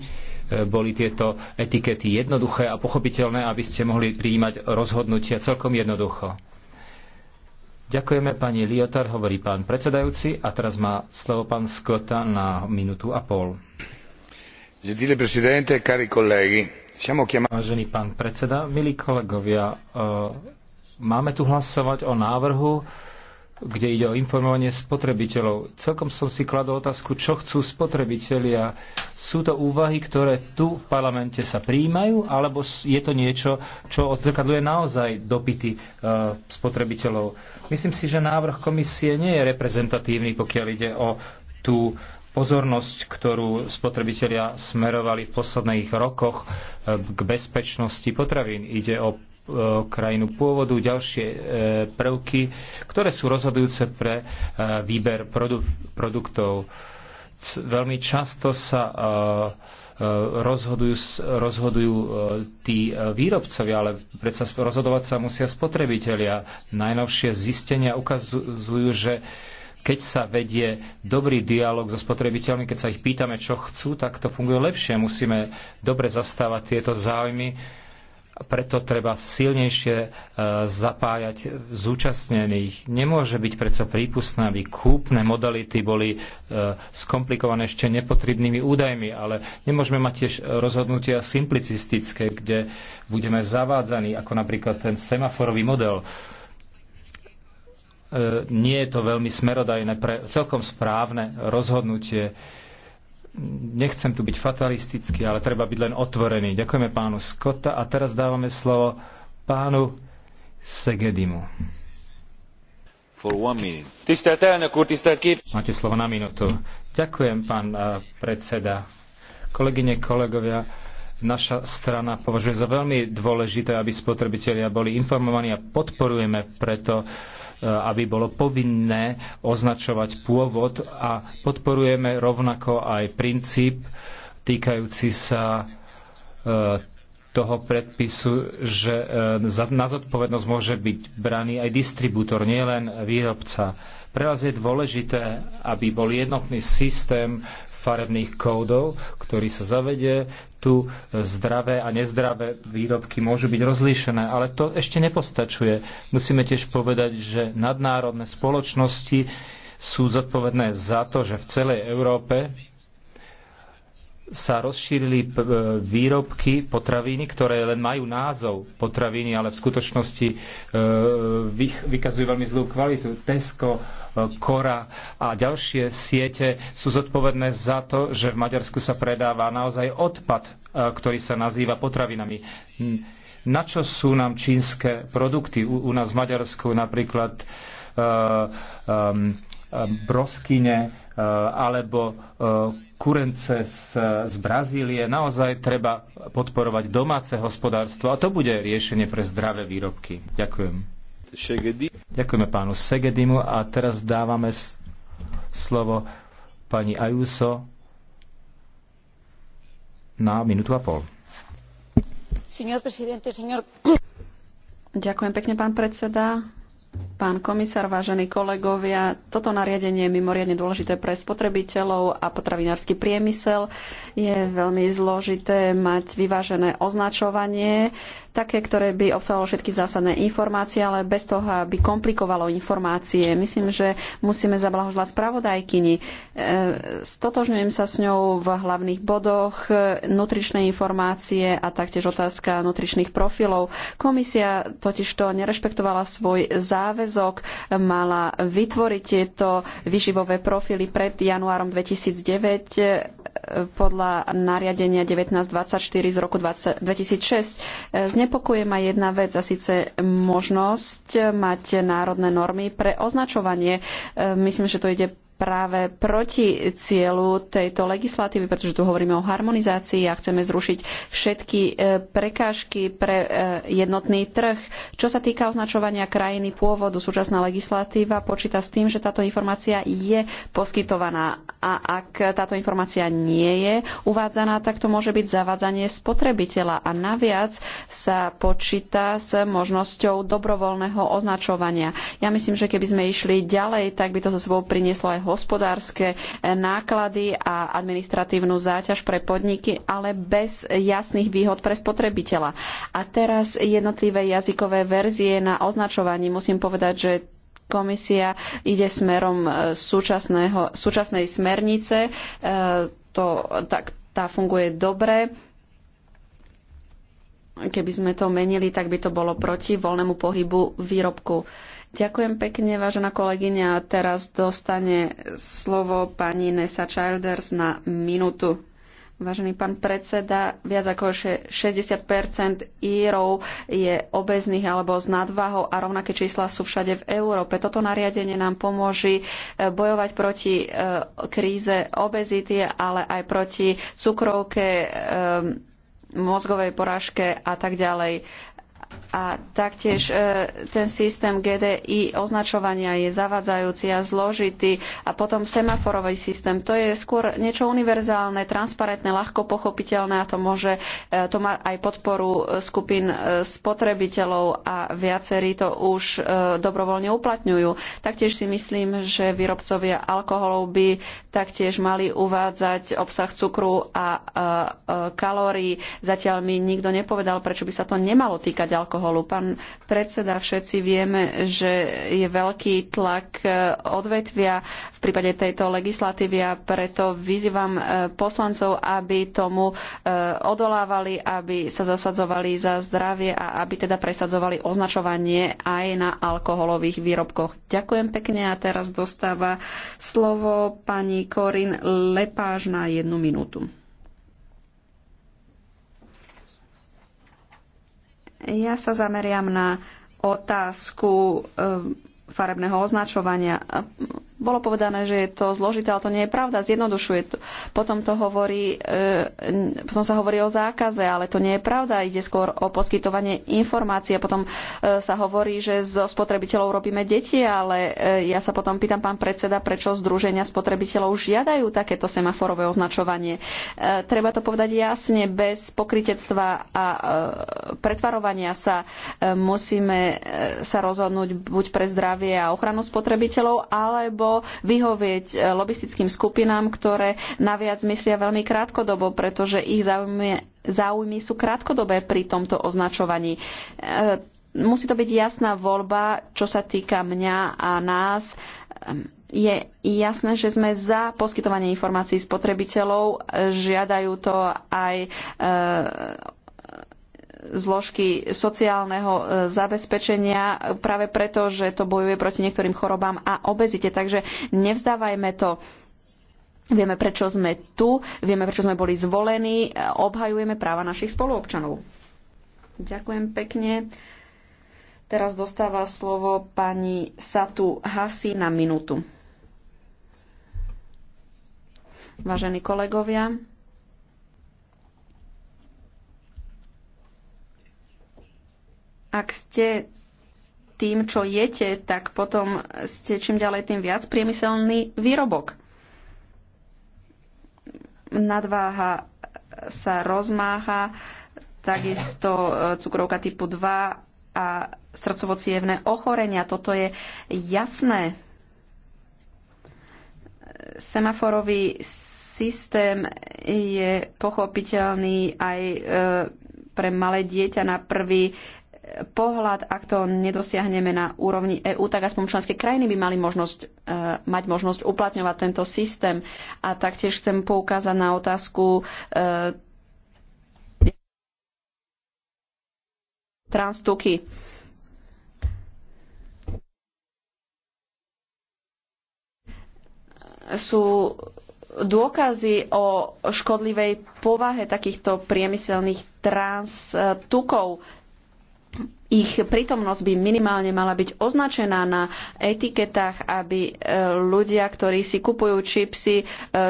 boli tieto etikety jednoduché a pochopiteľné, aby ste mohli prijímať rozhodnutia celkom jednoducho. Ďakujeme pani Liotar, hovorí pán predsedajúci a teraz má slovo pán Skota na minútu a pol. Gentile presidente, cari colleghi, siamo chiamati... Vážený pán predseda, milí kolegovia, e, máme tu hlasovať o návrhu, kde ide o informovanie spotrebiteľov. Celkom som si kladol otázku, čo chcú spotrebitelia. Sú to úvahy, ktoré tu v parlamente sa príjmajú, alebo je to niečo, čo odzrkadluje naozaj dopity e, spotrebiteľov? Myslím si, že návrh komisie nie je reprezentatívny, pokiaľ ide o tú pozornosť, ktorú spotrebitelia smerovali v posledných rokoch eh, k bezpečnosti potravín. Ide o eh, krajinu pôvodu, ďalšie eh, prvky, ktoré sú rozhodujúce pre výber produktov. Veľmi často sa rozhodujú, rozhodujú e, tí e, výrobcovia, ale predsa rozhodovať sa musia spotrebitelia. Najnovšie zistenia ukazujú, že keď sa vedie dobrý dialog so spotrebiteľmi, keď sa ich pýtame, čo chcú, tak to funguje lepšie. Musíme dobre zastávať tieto záujmy preto treba silnejšie e, zapájať zúčastnených. Nemôže byť preto prípustné, aby kúpne modality boli e, skomplikované ešte nepotrebnými údajmi, ale nemôžeme mať tiež rozhodnutia simplicistické, kde budeme zavádzaní, ako napríklad ten semaforový model. E, nie je to veľmi smerodajné pre celkom správne rozhodnutie nechcem tu byť fatalistický, ale treba byť len otvorený. Ďakujeme pánu Skota a teraz dávame slovo pánu Segedimu. Máte slovo na minútu. Ďakujem, pán eh, predseda. Kolegyne, kolegovia, naša strana považuje za veľmi dôležité, aby spotrebitelia boli informovaní a podporujeme preto uh, Eh, aby bolo povinné označovať pôvod a podporujeme rovnako aj princíp týkajúci sa eh, toho predpisu, že eh, na zodpovednosť môže byť braný aj distribútor, nielen výrobca. Pre vás je dôležité, aby bol jednotný systém farebných kódov, ktorý sa zavede tu e, zdravé a nezdravé výrobky môžu byť rozlíšené, ale to ešte nepostačuje. Musíme tiež povedať, že nadnárodné spoločnosti sú zodpovedné za to, že v celej Európe sa rozšírili e, výrobky potraviny, ktoré len majú názov potraviny, ale v skutočnosti e, vykazujú veľmi zlú kvalitu. Tesco, Kora a ďalšie siete sú zodpovedné za to, že v Maďarsku sa predáva naozaj odpad, e, ktorý sa nazýva potravinami. Na čo sú nám čínske produkty? U, u nás v Maďarsku napríklad um, broskyne alebo kurence z, z Brazílie. Naozaj treba podporovať domáce hospodárstvo a to bude riešenie pre zdravé výrobky. Ďakujem. Ďakujeme pánu Segedimu a teraz dávame slovo pani Ajuso na minútu a pol. Señor señor... Ďakujem pekne, pán predseda. Pán komisár, vážení kolegovia, toto nariadenie je mimoriadne dôležité pre spotrebiteľov a potravinársky priemysel. Je veľmi zložité mať vyvážené označovanie také, ktoré by obsahovalo všetky zásadné informácie, ale bez toho, aby komplikovalo informácie. Myslím, že musíme zablahožľať spravodajkyni. E, stotožňujem sa s ňou v hlavných bodoch, e, nutričné informácie a taktiež otázka nutričných profilov. Komisia totiž to nerešpektovala svoj záväzok, mala vytvoriť tieto vyživové profily pred januárom 2009 podľa nariadenia 1924 z roku 20, 2006. E, znepokuje ma jedna vec a síce možnosť mať národné normy pre označovanie. E, myslím, že to ide práve proti cieľu tejto legislatívy, pretože tu hovoríme o harmonizácii a chceme zrušiť všetky e, prekážky pre e, jednotný trh. Čo sa týka označovania krajiny pôvodu, súčasná legislatíva počíta s tým, že táto informácia je poskytovaná a ak táto informácia nie je uvádzaná, tak to môže byť zavádzanie spotrebiteľa a naviac sa počíta s možnosťou dobrovoľného označovania. Ja myslím, že keby sme išli ďalej, tak by to za sebou prinieslo aj hospodárske e, náklady a administratívnu záťaž pre podniky, ale bez jasných výhod pre spotrebiteľa. A teraz jednotlivé jazykové verzie na označovaní. Musím povedať, že komisia ide smerom e, súčasnej smernice. E, to, tak, tá funguje dobre keby sme to menili, tak by to bolo proti voľnému pohybu výrobku. Ďakujem pekne, vážená kolegyňa. Teraz dostane slovo pani Nessa Childers na minútu. Vážený pán predseda, viac ako 60 Írov je obezných alebo s nadvahou a rovnaké čísla sú všade v Európe. Toto nariadenie nám pomôže e, bojovať proti e, kríze obezity, ale aj proti cukrovke, e, mozgovej porážke a tak ďalej a taktiež e, ten systém GDI označovania je zavadzajúci a zložitý a potom semaforový systém. To je skôr niečo univerzálne, transparentné, ľahko pochopiteľné a to, môže, e, to má aj podporu e, skupín spotrebiteľov a viacerí to už dobrovoľne uplatňujú. Taktiež si myslím, že výrobcovia alkoholov by taktiež mali uvádzať obsah cukru a kalórií. Zatiaľ mi nikto nepovedal, prečo by sa to nemalo týkať alkoholu. Pán predseda, všetci vieme, že je veľký tlak e, odvetvia prípade tejto legislatívy a preto vyzývam e, poslancov, aby tomu e, odolávali, aby sa zasadzovali za zdravie a aby teda presadzovali označovanie aj na alkoholových výrobkoch. Ďakujem pekne a teraz dostáva slovo pani Korin Lepáž na jednu minútu. Ja sa zameriam na otázku e, farebného označovania. Bolo povedané, že je to zložité, ale to nie je pravda, zjednodušuje to. Potom, to hovorí, e, potom sa hovorí o zákaze, ale to nie je pravda, ide skôr o poskytovanie informácií potom e, sa hovorí, že zo spotrebiteľov robíme deti, ale e, ja sa potom pýtam, pán predseda, prečo združenia spotrebiteľov žiadajú takéto semaforové označovanie. Treba to povedať jasne, bez pokritectva a pretvarovania sa musíme sa rozhodnúť buď pre zdravie, zdravie a ochranu spotrebiteľov, alebo vyhovieť e, lobistickým skupinám, ktoré naviac myslia veľmi krátkodobo, pretože ich záujmy, záujmy sú krátkodobé pri tomto označovaní. E, musí to byť jasná voľba, čo sa týka mňa a nás e, je jasné, že sme za poskytovanie informácií spotrebiteľov. Žiadajú to aj e, zložky sociálneho e, zabezpečenia práve preto, že to bojuje proti niektorým chorobám a obezite. Takže nevzdávajme to. Vieme, prečo sme tu, vieme, prečo sme boli zvolení, e, obhajujeme práva našich spoluobčanov. Ďakujem pekne. Teraz dostáva slovo pani Satu Hasi na minútu. Vážení kolegovia, Ak ste tým, čo jete, tak potom ste čím ďalej tým viac priemyselný výrobok. Nadváha sa rozmáha, takisto e, cukrovka typu 2 a srdcovocievné ochorenia. Toto je jasné. Semaforový systém je pochopiteľný aj e, pre malé dieťa na prvý pohľad, ak to nedosiahneme na úrovni EÚ, tak aspoň členské krajiny by mali možnosť, e, mať možnosť uplatňovať tento systém. A taktiež chcem poukázať na otázku e, transtuky. Sú dôkazy o škodlivej povahe takýchto priemyselných trans tukov ich prítomnosť by minimálne mala byť označená na etiketách, aby e, ľudia, ktorí si kupujú čipsy, e,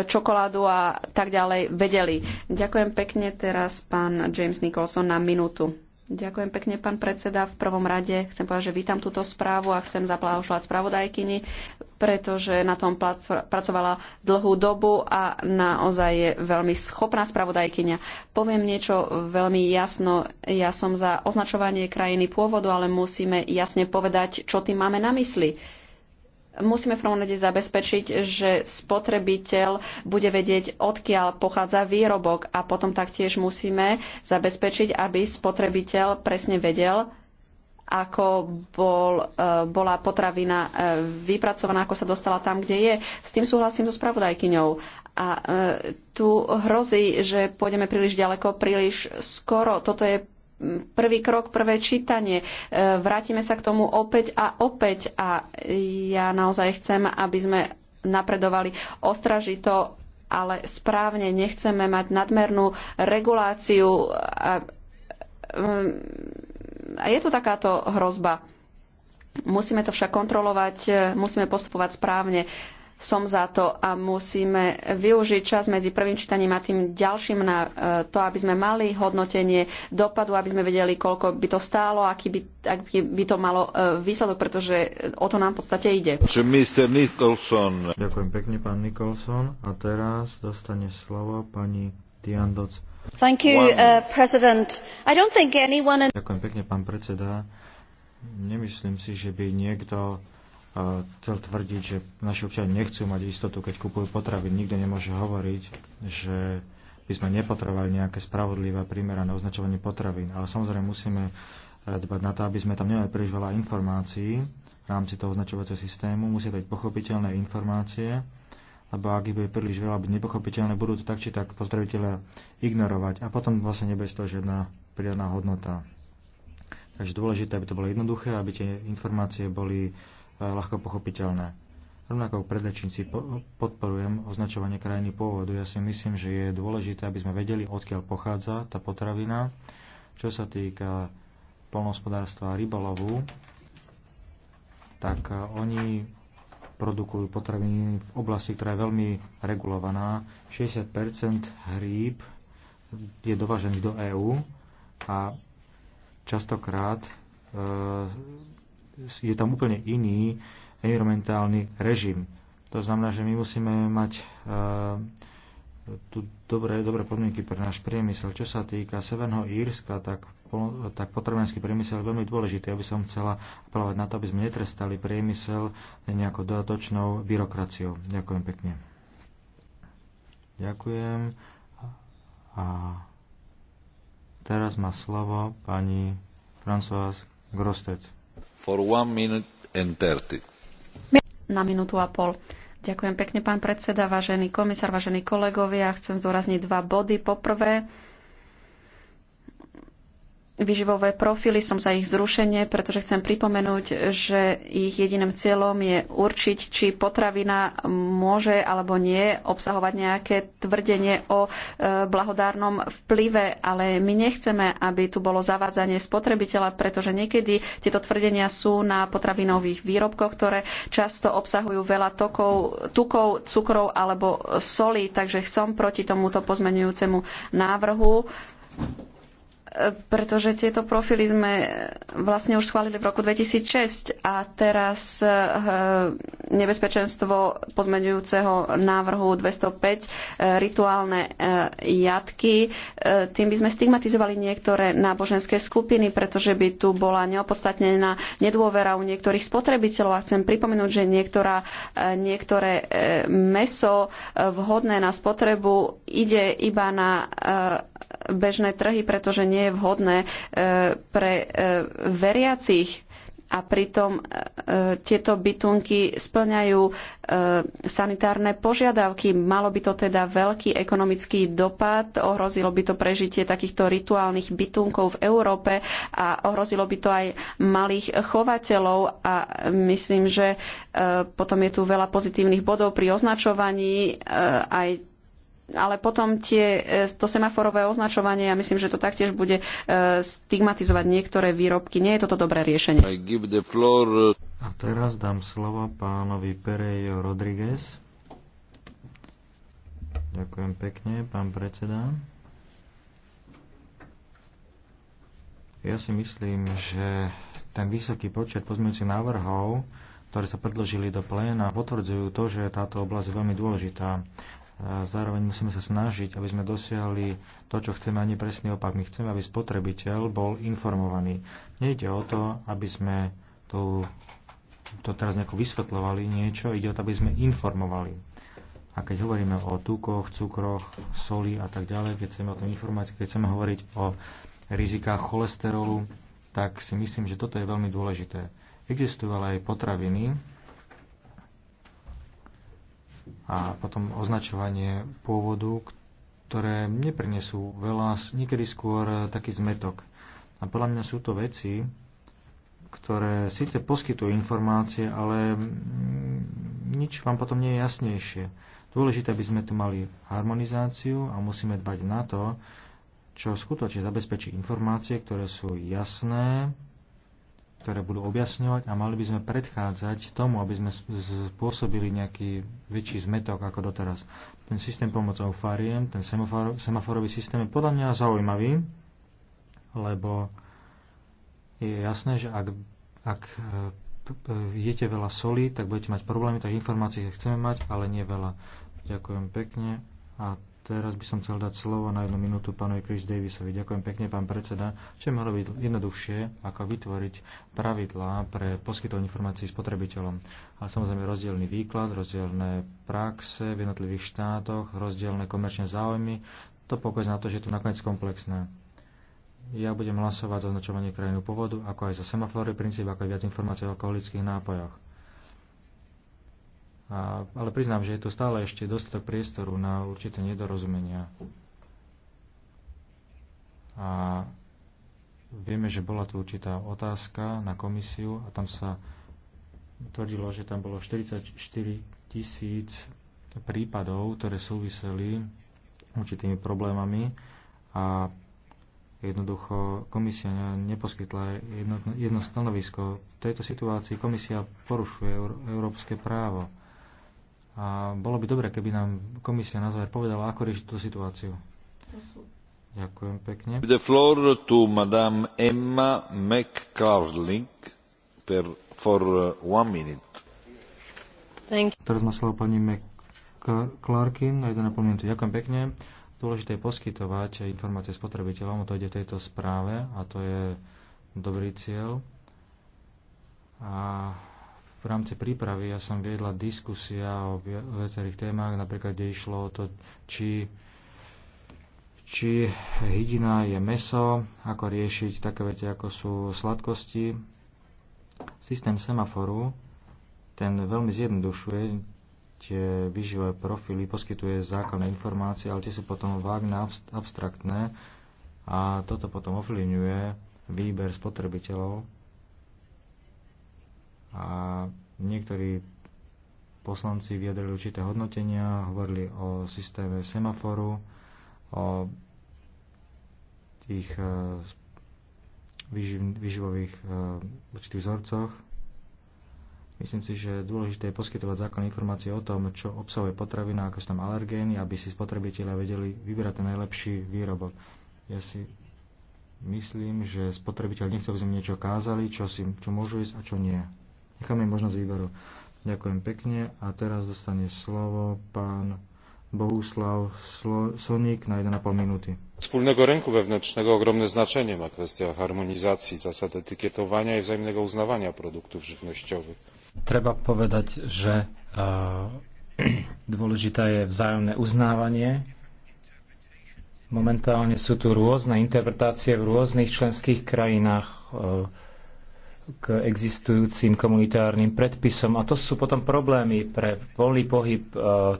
čokoládu a tak ďalej, vedeli. Ďakujem pekne teraz pán James Nicholson na minútu. Ďakujem pekne, pán predseda. V prvom rade chcem povedať, že vítam túto správu a chcem zablahoželať spravodajkyni pretože na tom pracovala dlhú dobu a naozaj je veľmi schopná spravodajkyňa. Poviem niečo veľmi jasno. Ja som za označovanie krajiny pôvodu, ale musíme jasne povedať, čo tým máme na mysli musíme v prvom rade zabezpečiť, že spotrebiteľ bude vedieť, odkiaľ pochádza výrobok a potom taktiež musíme zabezpečiť, aby spotrebiteľ presne vedel, ako bol, e, bola potravina e, vypracovaná, ako sa dostala tam, kde je. S tým súhlasím so spravodajkyňou. A e, tu hrozí, že pôjdeme príliš ďaleko, príliš skoro. Toto je prvý krok, prvé čítanie. Vrátime sa k tomu opäť a opäť a ja naozaj chcem, aby sme napredovali ostražito, ale správne nechceme mať nadmernú reguláciu a a je tu takáto hrozba. Musíme to však kontrolovať, e, musíme postupovať správne. Som za to a musíme využiť čas medzi prvým čítaním a tým ďalším na e, to, aby sme mali hodnotenie dopadu, aby sme vedeli, koľko by to stálo, aký by, aký by to malo e, výsledok, pretože o to nám v podstate ide. Ďakujem pekne, pán Nicholson. A teraz dostane slovo pani Tiandoc. You, uh, anyone... Ďakujem pekne, pán predseda. Nemyslím si, že by niekto uh, chcel tvrdiť, že naši občania nechcú mať istotu, keď kupujú potraviny. Nikto nemôže hovoriť, že by sme nepotrebovali nejaké spravodlivé primerané označovanie potravín. Ale samozrejme musíme uh, dbať na to, aby sme tam nemali príliš veľa informácií v rámci toho označovacieho systému. Musia to byť pochopiteľné informácie lebo ak ich bude príliš veľa, bude nepochopiteľné, budú to tak či tak pozdraviteľa ignorovať a potom vlastne nebude z toho žiadna pridaná hodnota. Takže dôležité, aby to bolo jednoduché, aby tie informácie boli e, ľahko pochopiteľné. Rovnako ako predlečníci podporujem označovanie krajiny pôvodu. Ja si myslím, že je dôležité, aby sme vedeli, odkiaľ pochádza tá potravina. Čo sa týka polnohospodárstva a rybolovu, tak e, oni produkujú potraviny v oblasti, ktorá je veľmi regulovaná. 60 hríb je dovážených do EÚ a častokrát e, je tam úplne iný environmentálny režim. To znamená, že my musíme mať e, tu dobré, dobré podmienky pre náš priemysel. Čo sa týka Severného Írska, tak, tak potravinársky priemysel je veľmi dôležitý. Ja by som chcela apelovať na to, aby sme netrestali priemysel nejakou dodatočnou byrokraciou. Ďakujem pekne. Ďakujem. A teraz má slovo pani Françoise Grostec. For one minute and 30. Na minútu a pol. Ďakujem pekne, pán predseda, vážený komisár, vážení kolegovia. Chcem zdôrazniť dva body. Poprvé, výživové profily, som za ich zrušenie, pretože chcem pripomenúť, že ich jediným cieľom je určiť, či potravina môže alebo nie obsahovať nejaké tvrdenie o e, blahodárnom vplyve, ale my nechceme, aby tu bolo zavádzanie spotrebiteľa, pretože niekedy tieto tvrdenia sú na potravinových výrobkoch, ktoré často obsahujú veľa tokov, tukov, cukrov alebo soli, takže som proti tomuto pozmenujúcemu návrhu pretože tieto profily sme vlastne už schválili v roku 2006 a teraz eh, nebezpečenstvo pozmeňujúceho návrhu 205 eh, rituálne eh, jatky. Tým by sme stigmatizovali niektoré náboženské skupiny, pretože by tu bola neopodstatnená nedôvera u niektorých spotrebiteľov a chcem pripomenúť, že niektorá, niektoré meso vhodné na spotrebu ide iba na bežné trhy, pretože nie je vhodné e, pre e, veriacich a pritom e, tieto bytunky splňajú sanitárne požiadavky. Malo by to teda veľký ekonomický dopad, ohrozilo by to prežitie takýchto rituálnych bytunkov v Európe a ohrozilo by to aj malých chovateľov a myslím, že potom je tu veľa pozitívnych bodov pri označovaní aj ale potom tie, e, to semaforové označovanie, ja myslím, že to taktiež bude e, stigmatizovať niektoré výrobky. Nie je toto dobré riešenie. E, A teraz dám slovo pánovi Perejo Rodriguez. Ďakujem pekne, pán predseda. Ja si myslím, že ten vysoký počet pozmeňujúcich návrhov, ktoré sa predložili do pléna, potvrdzujú to, že táto oblasť je veľmi dôležitá zároveň musíme sa snažiť, aby sme dosiahli to, čo chceme, a nie presný opak. My chceme, aby spotrebiteľ bol informovaný. Nejde o to, aby sme tu to teraz nejako vysvetľovali niečo, ide o to, aby sme informovali. A keď hovoríme o tukoch, cukroch, soli a tak ďalej, keď chceme o tom informovať, keď chceme hovoriť o rizikách cholesterolu, tak si myslím, že toto je veľmi dôležité. Existujú ale aj potraviny, a potom označovanie pôvodu, ktoré neprinesú veľa, niekedy skôr e, taký zmetok. A podľa mňa sú to veci, ktoré síce poskytujú informácie, ale mm, nič vám potom nie je jasnejšie. Dôležité, aby sme tu mali harmonizáciu a musíme dbať na to, čo skutočne zabezpečí informácie, ktoré sú jasné, ktoré budú objasňovať a mali by sme predchádzať tomu, aby sme spôsobili nejaký väčší zmetok ako doteraz. Ten systém pomocou fariem, ten semaforový systém je podľa mňa zaujímavý, lebo je jasné, že ak, ak e, e, jete veľa soli, tak budete mať problémy, tak informácií chceme mať, ale nie veľa. Ďakujem pekne a Teraz by som chcel dať slovo na jednu minútu pánovi Chris Davisovi. Ďakujem pekne, pán predseda. Čo malo byť jednoduchšie, ako vytvoriť pravidlá pre poskytovanie informácií spotrebiteľom. A samozrejme rozdielný výklad, rozdielne praxe v jednotlivých štátoch, rozdielne komerčné záujmy. To pokoj na to, že je to nakoniec komplexné. Ja budem hlasovať za označovanie krajinu pôvodu, ako aj za semafory princíp, ako aj viac informácií o alkoholických nápojoch. A, ale priznám, že je tu stále ešte dostatok priestoru na určité nedorozumenia. A vieme, že bola tu určitá otázka na komisiu a tam sa tvrdilo, že tam bolo 44 tisíc prípadov, ktoré súviseli určitými problémami a jednoducho komisia neposkytla jedno, jedno stanovisko. V tejto situácii komisia porušuje európske právo. A bolo by dobre, keby nám komisia na záver povedala, ako riešiť tú situáciu. Ďakujem pekne. The floor to Madame Emma McClarlink per, for uh, one minute. Thank you. Teraz má slovo pani McClarkin na 1,5 minúty. Ďakujem pekne. Dôležité je poskytovať informácie spotrebiteľom, o to ide v tejto správe a to je dobrý cieľ. A v rámci prípravy ja som viedla diskusia o viacerých témach, napríklad, kde išlo o to, či, či hydina je meso, ako riešiť také veci, ako sú sladkosti. Systém semaforu, ten veľmi zjednodušuje tie vyživové profily, poskytuje základné informácie, ale tie sú potom vágne, abstraktné a toto potom ovplyvňuje výber spotrebiteľov a niektorí poslanci vyjadrili určité hodnotenia, hovorili o systéme semaforu, o tých e, výživových e, určitých vzorcoch. Myslím si, že dôležité je poskytovať základné informácie o tom, čo obsahuje potravina, ako sú tam alergény, aby si spotrebitelia vedeli vybrať ten najlepší výrobok. Ja si myslím, že spotrebiteľ nechcel, aby sme niečo kázali, čo, si, čo môžu ísť a čo nie kam je možnosť výberu. Ďakujem pekne a teraz dostane slovo pán Bohuslav Slo- Sonik na 1,5 minúty. Spolného rynku wewnętrznego ogromne znaczenie ma kwestia harmonizacji zasad etykietowania i wzajemnego uznawania produktów żywnościowych. Treba povedať, že uh, dôležité je vzájomné uznávanie. Momentálne sú tu rôzne interpretácie v rôznych členských krajinách uh, k existujúcim komunitárnym predpisom a to sú potom problémy pre voľný pohyb e,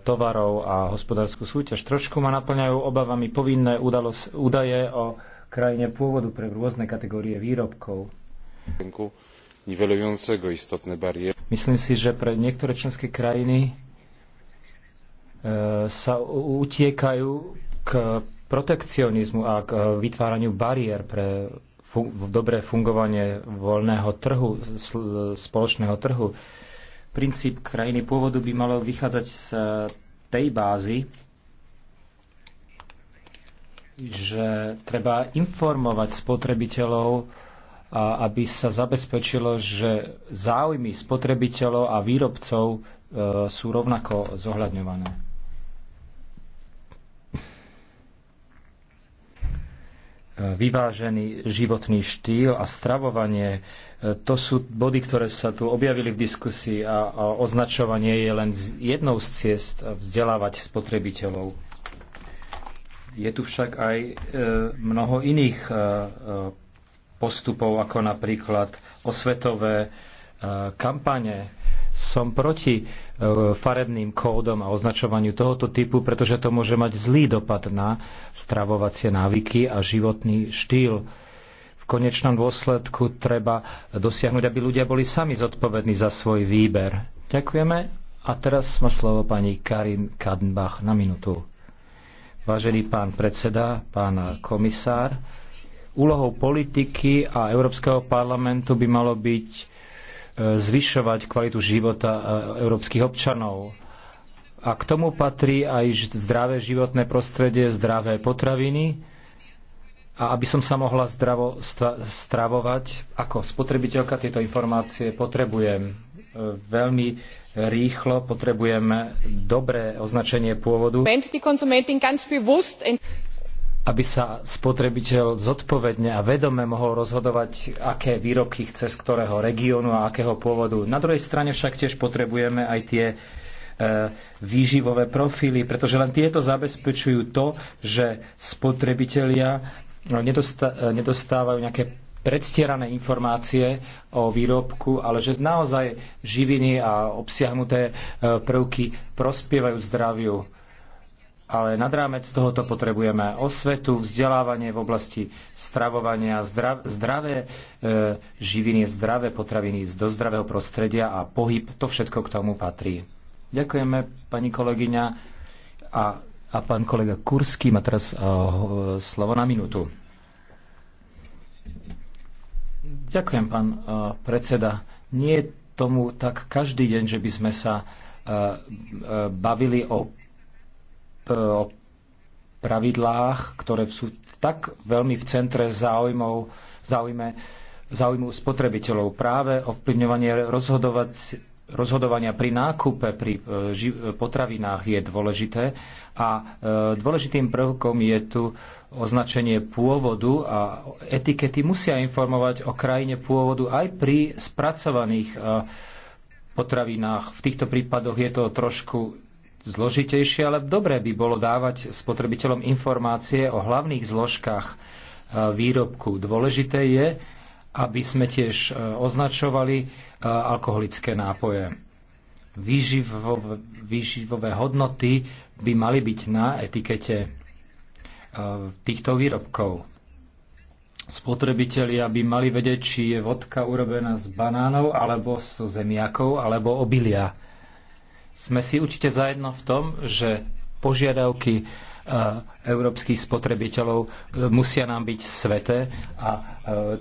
tovarov a hospodárskú súťaž. Trošku ma naplňajú obavami povinné udalos, údaje o krajine pôvodu pre rôzne kategórie výrobkov. Myslím si, že pre niektoré členské krajiny e, sa utiekajú k protekcionizmu a k e, vytváraniu bariér pre fun- dobré fungovanie voľného trhu, spoločného trhu. Princíp krajiny pôvodu by malo vychádzať z e, tej bázy, že treba informovať spotrebiteľov, aby sa zabezpečilo, že záujmy spotrebiteľov a výrobcov e, sú rovnako zohľadňované. vyvážený životný štýl a stravovanie. E, to sú body, ktoré sa tu objavili v diskusii a, a označovanie je len jednou z ciest vzdelávať spotrebiteľov. Je tu však aj e, mnoho iných e, e postupov, ako napríklad osvetové e, kampane, som proti e, farebným kódom a označovaniu tohoto typu, pretože to môže mať zlý dopad na stravovacie návyky a životný štýl. V konečnom dôsledku treba dosiahnuť, aby ľudia boli sami zodpovední za svoj výber. Ďakujeme. A teraz má slovo pani Karin Kadenbach na minútu. Vážený pán predseda, pán komisár, úlohou politiky a Európskeho parlamentu by malo byť zvyšovať kvalitu života e, európskych občanov. A k tomu patrí aj zdravé životné prostredie, zdravé potraviny. A aby som sa mohla zdravo stravovať, ako spotrebiteľka tieto informácie potrebujem e, veľmi rýchlo, potrebujem dobré označenie pôvodu aby sa spotrebiteľ zodpovedne a vedome mohol rozhodovať, aké výrobky chce z ktorého regiónu a akého pôvodu. Na druhej strane však tiež potrebujeme aj tie e, výživové profily, pretože len tieto zabezpečujú to, že spotrebitelia no, e, nedostávajú nejaké predstierané informácie o výrobku, ale že naozaj živiny a obsiahnuté e, prvky prospievajú zdraviu ale nad rámec tohoto potrebujeme osvetu, vzdelávanie v oblasti stravovania, zdrav, zdravé e, živiny, zdravé potraviny z zdravého prostredia a pohyb, to všetko k tomu patrí. Ďakujeme, pani kolegyňa. A, a pán kolega Kurský má teraz e, slovo na minútu. Ďakujem, pán e, predseda. Nie je tomu tak každý deň, že by sme sa e, e, bavili o E, o pravidlách, ktoré sú tak veľmi v centre záujmov, záujme, záujmu spotrebiteľov. Práve ovplyvňovanie rozhodovania pri nákupe pri e, e, potravinách je dôležité a dôležitým prvkom je tu označenie pôvodu a etikety musia informovať o krajine pôvodu aj pri spracovaných potravinách. V týchto prípadoch je to trošku zložitejšie, ale dobre by bolo dávať spotrebiteľom informácie o hlavných zložkách e, výrobku. Dôležité je, aby sme tiež e, označovali e, alkoholické nápoje. Výživové, výživové hodnoty by mali byť na etikete týchto výrobkov. Spotrebitelia by mali vedieť, či je vodka urobená z banánov, alebo z zemiakov, alebo obilia sme si určite zajedno v tom, že požiadavky e, európskych spotrebiteľov e, musia nám byť sveté a e,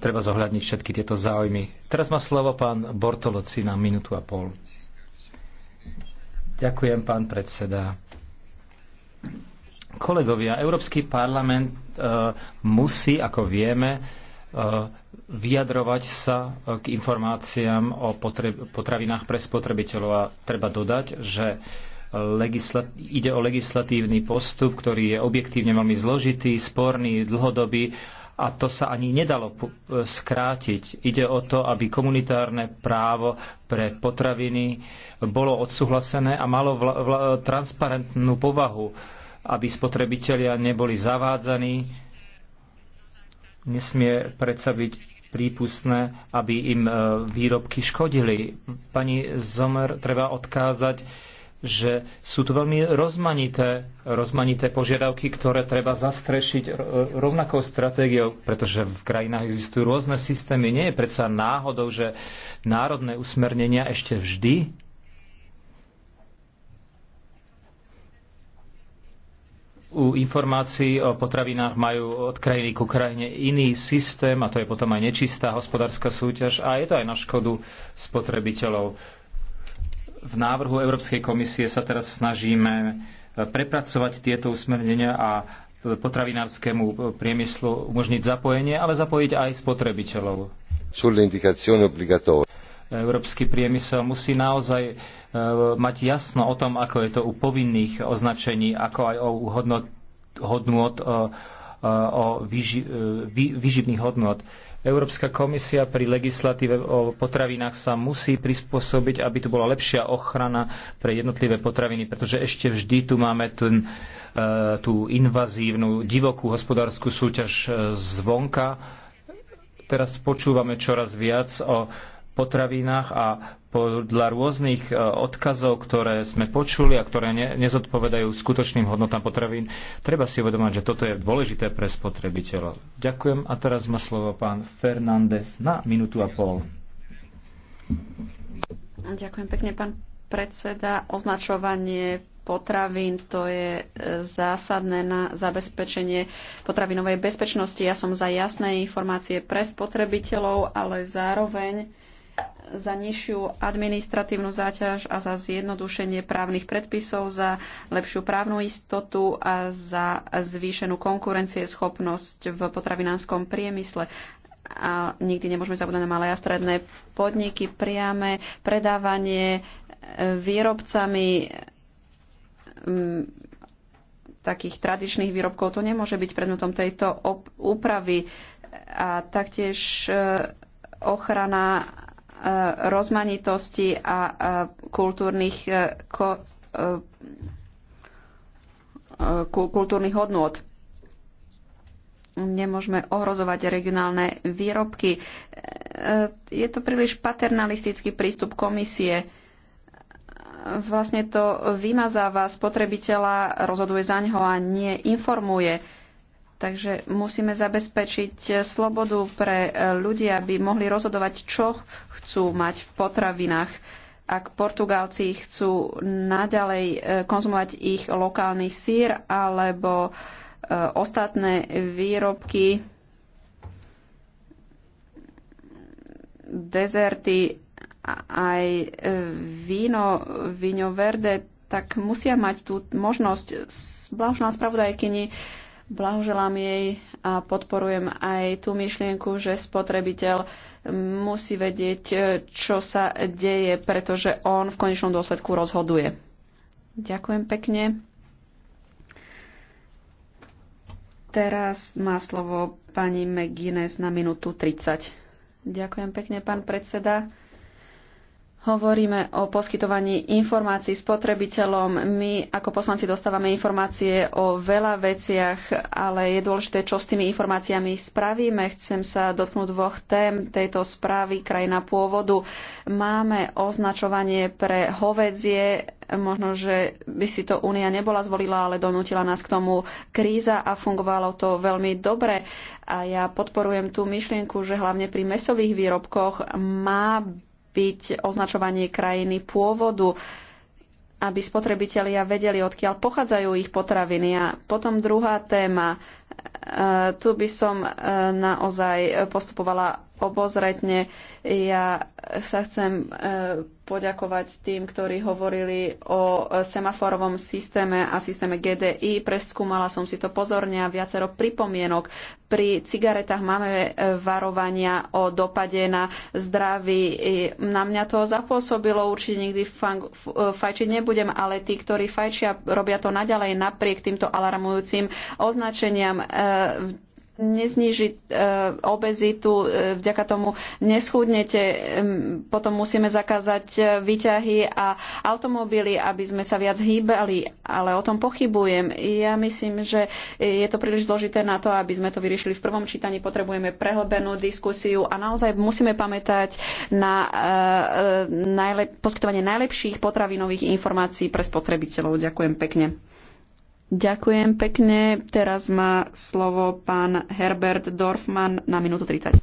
treba zohľadniť všetky tieto záujmy. Teraz má slovo pán Bortoloci na minútu a pol. Ďakujem, pán predseda. Kolegovia, Európsky parlament musí, ako vieme, vyjadrovať sa e, k informáciám o potravinách pre spotrebiteľov. A treba dodať, že e, ide o legislatívny postup, ktorý je objektívne veľmi zložitý, sporný, dlhodobý a to sa ani nedalo e, skrátiť. Ide o to, aby komunitárne právo pre potraviny bolo odsúhlasené a malo transparentnú povahu, aby spotrebitelia neboli zavádzaní. Nesmie predsa byť prípustné, aby im e, výrobky škodili. Pani Zomer, treba odkázať, že sú tu veľmi rozmanité, rozmanité požiadavky, ktoré treba zastrešiť e, rovnakou stratégiou, pretože v krajinách existujú rôzne systémy. Nie je predsa náhodou, že národné usmernenia ešte vždy u informácií o potravinách majú od krajiny ku krajine iný systém a to je potom aj nečistá hospodárska súťaž a je to aj na škodu spotrebiteľov. V návrhu Európskej komisie sa teraz snažíme prepracovať tieto usmernenia a potravinárskému priemyslu umožniť zapojenie, ale zapojiť aj spotrebiteľov. Sulle indicazioni obbligatorie Európsky priemysel musí naozaj e, mať jasno o tom, ako je to u povinných označení, ako aj o hodnot, hodnot e, e, o, o vyži, vy, vyživných hodnot. Európska komisia pri legislatíve o potravinách sa musí prispôsobiť, aby tu bola lepšia ochrana pre jednotlivé potraviny, pretože ešte vždy tu máme ten, tú invazívnu, divokú hospodárskú súťaž zvonka. Teraz počúvame čoraz viac o potravinách a podľa rôznych e, odkazov, ktoré sme počuli a ktoré ne, nezodpovedajú skutočným hodnotám potravín, treba si uvedomať, že toto je dôležité pre spotrebiteľov. Ďakujem a teraz má slovo pán Fernández na minútu a pol. Ďakujem pekne, pán predseda. Označovanie potravín, to je e, zásadné na zabezpečenie potravinovej bezpečnosti. Ja som za jasné informácie pre spotrebiteľov, ale zároveň za nižšiu administratívnu záťaž a za zjednodušenie právnych predpisov, za lepšiu právnu istotu a za zvýšenú konkurencieschopnosť v potravinárskom priemysle. A nikdy nemôžeme zabúdať na malé a stredné podniky, priame predávanie e, výrobcami takých tradičných výrobkov. To nemôže byť predmetom tejto úpravy. A taktiež e, ochrana Eh, rozmanitosti a eh, kultúrnych, eh, kultúrnych hodnôt. Nemôžeme ohrozovať regionálne výrobky. Je to príliš paternalistický prístup komisie. Vlastne to vymazáva spotrebiteľa, rozhoduje za ňoho a nie informuje Takže musíme zabezpečiť eh, slobodu pre eh, ľudí, aby mohli rozhodovať, čo chcú mať v potravinách. Ak Portugálci chcú naďalej eh, konzumovať ich lokálny sír alebo ostatné výrobky, dezerty, aj víno, víno verde, tak musia mať tú možnosť. Blahoželám spravodajkyni Blahoželám jej a podporujem aj tú myšlienku, že spotrebiteľ musí vedieť, čo sa deje, pretože on v konečnom dôsledku rozhoduje. Ďakujem pekne. Teraz má slovo pani McGuinness na minútu 30. Ďakujem pekne, pán predseda. Hovoríme o poskytovaní informácií spotrebiteľom. My ako poslanci dostávame informácie o veľa veciach, ale je dôležité, čo s tými informáciami spravíme. Chcem sa dotknúť dvoch tém tejto správy krajina pôvodu. Máme označovanie pre hovedzie. Možno, že by si to Únia nebola zvolila, ale donútila nás k tomu kríza a fungovalo to veľmi dobre. A ja podporujem tú myšlienku, že hlavne pri mesových výrobkoch má byť označovanie krajiny pôvodu, aby spotrebitelia vedeli, odkiaľ pochádzajú ich potraviny. A potom druhá téma. E, tu by som e, naozaj postupovala obozretne. Ja sa chcem e, poďakovať tým, ktorí hovorili o semaforovom systéme a systéme GDI. Preskúmala som si to pozorne a viacero pripomienok. Pri cigaretách máme e, varovania o dopade na zdraví. Na mňa to zapôsobilo, určite nikdy e, fajčiť nebudem, ale tí, ktorí fajčia, robia to naďalej napriek týmto alarmujúcim označeniam nezniží e, obezitu, e, vďaka tomu neschudnete, potom musíme zakázať e, výťahy a automobily, aby sme sa viac hýbali, ale o tom pochybujem. Ja myslím, že je to príliš zložité na to, aby sme to vyriešili v prvom čítaní, potrebujeme prehlbenú diskusiu a naozaj musíme pamätať na poskytovanie najlepších potravinových informácií pre spotrebiteľov. Ďakujem pekne. Ďakujem pekne. Teraz má slovo pán Herbert Dorfman na minútu 30.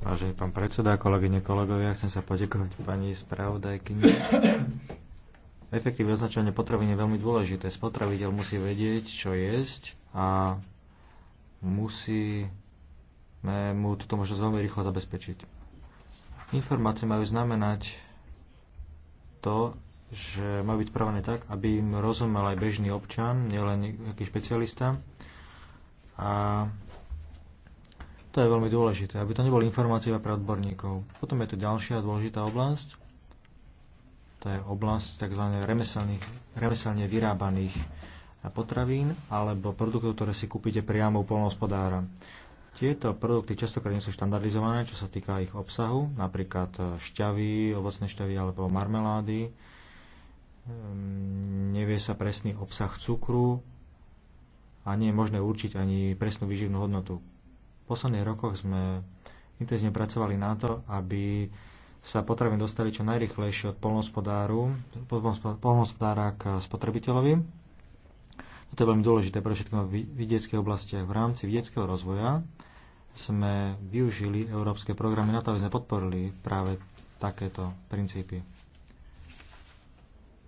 Vážený pán predseda, kolegyne, kolegovia, chcem sa poďakovať pani spravodajkyni. Efektívne označovanie potravín je veľmi dôležité. Spotraviteľ musí vedieť, čo jesť a musíme mu túto možnosť veľmi rýchlo zabezpečiť. Informácie majú znamenať to, že majú byť správané tak, aby im rozumel aj bežný občan, nielen nejaký špecialista. A to je veľmi dôležité, aby to neboli informácie pre odborníkov. Potom je tu ďalšia dôležitá oblasť, to je oblasť tzv. remeselne vyrábaných potravín alebo produktov, ktoré si kúpite priamo u polnohospodára. Tieto produkty častokrát nie sú štandardizované, čo sa týka ich obsahu, napríklad e, šťavy, ovocné šťavy alebo marmelády. Ehm, nevie sa presný obsah cukru a nie je možné určiť ani presnú výživnú hodnotu. V posledných rokoch sme intenzívne pracovali na to, aby sa potraviny dostali čo najrychlejšie od polnospodáru, polnospodára k spotrebiteľovi. Toto je veľmi dôležité pre všetko v vidieckej oblasti v rámci vidieckého rozvoja sme využili európske programy na to, aby sme podporili práve takéto princípy.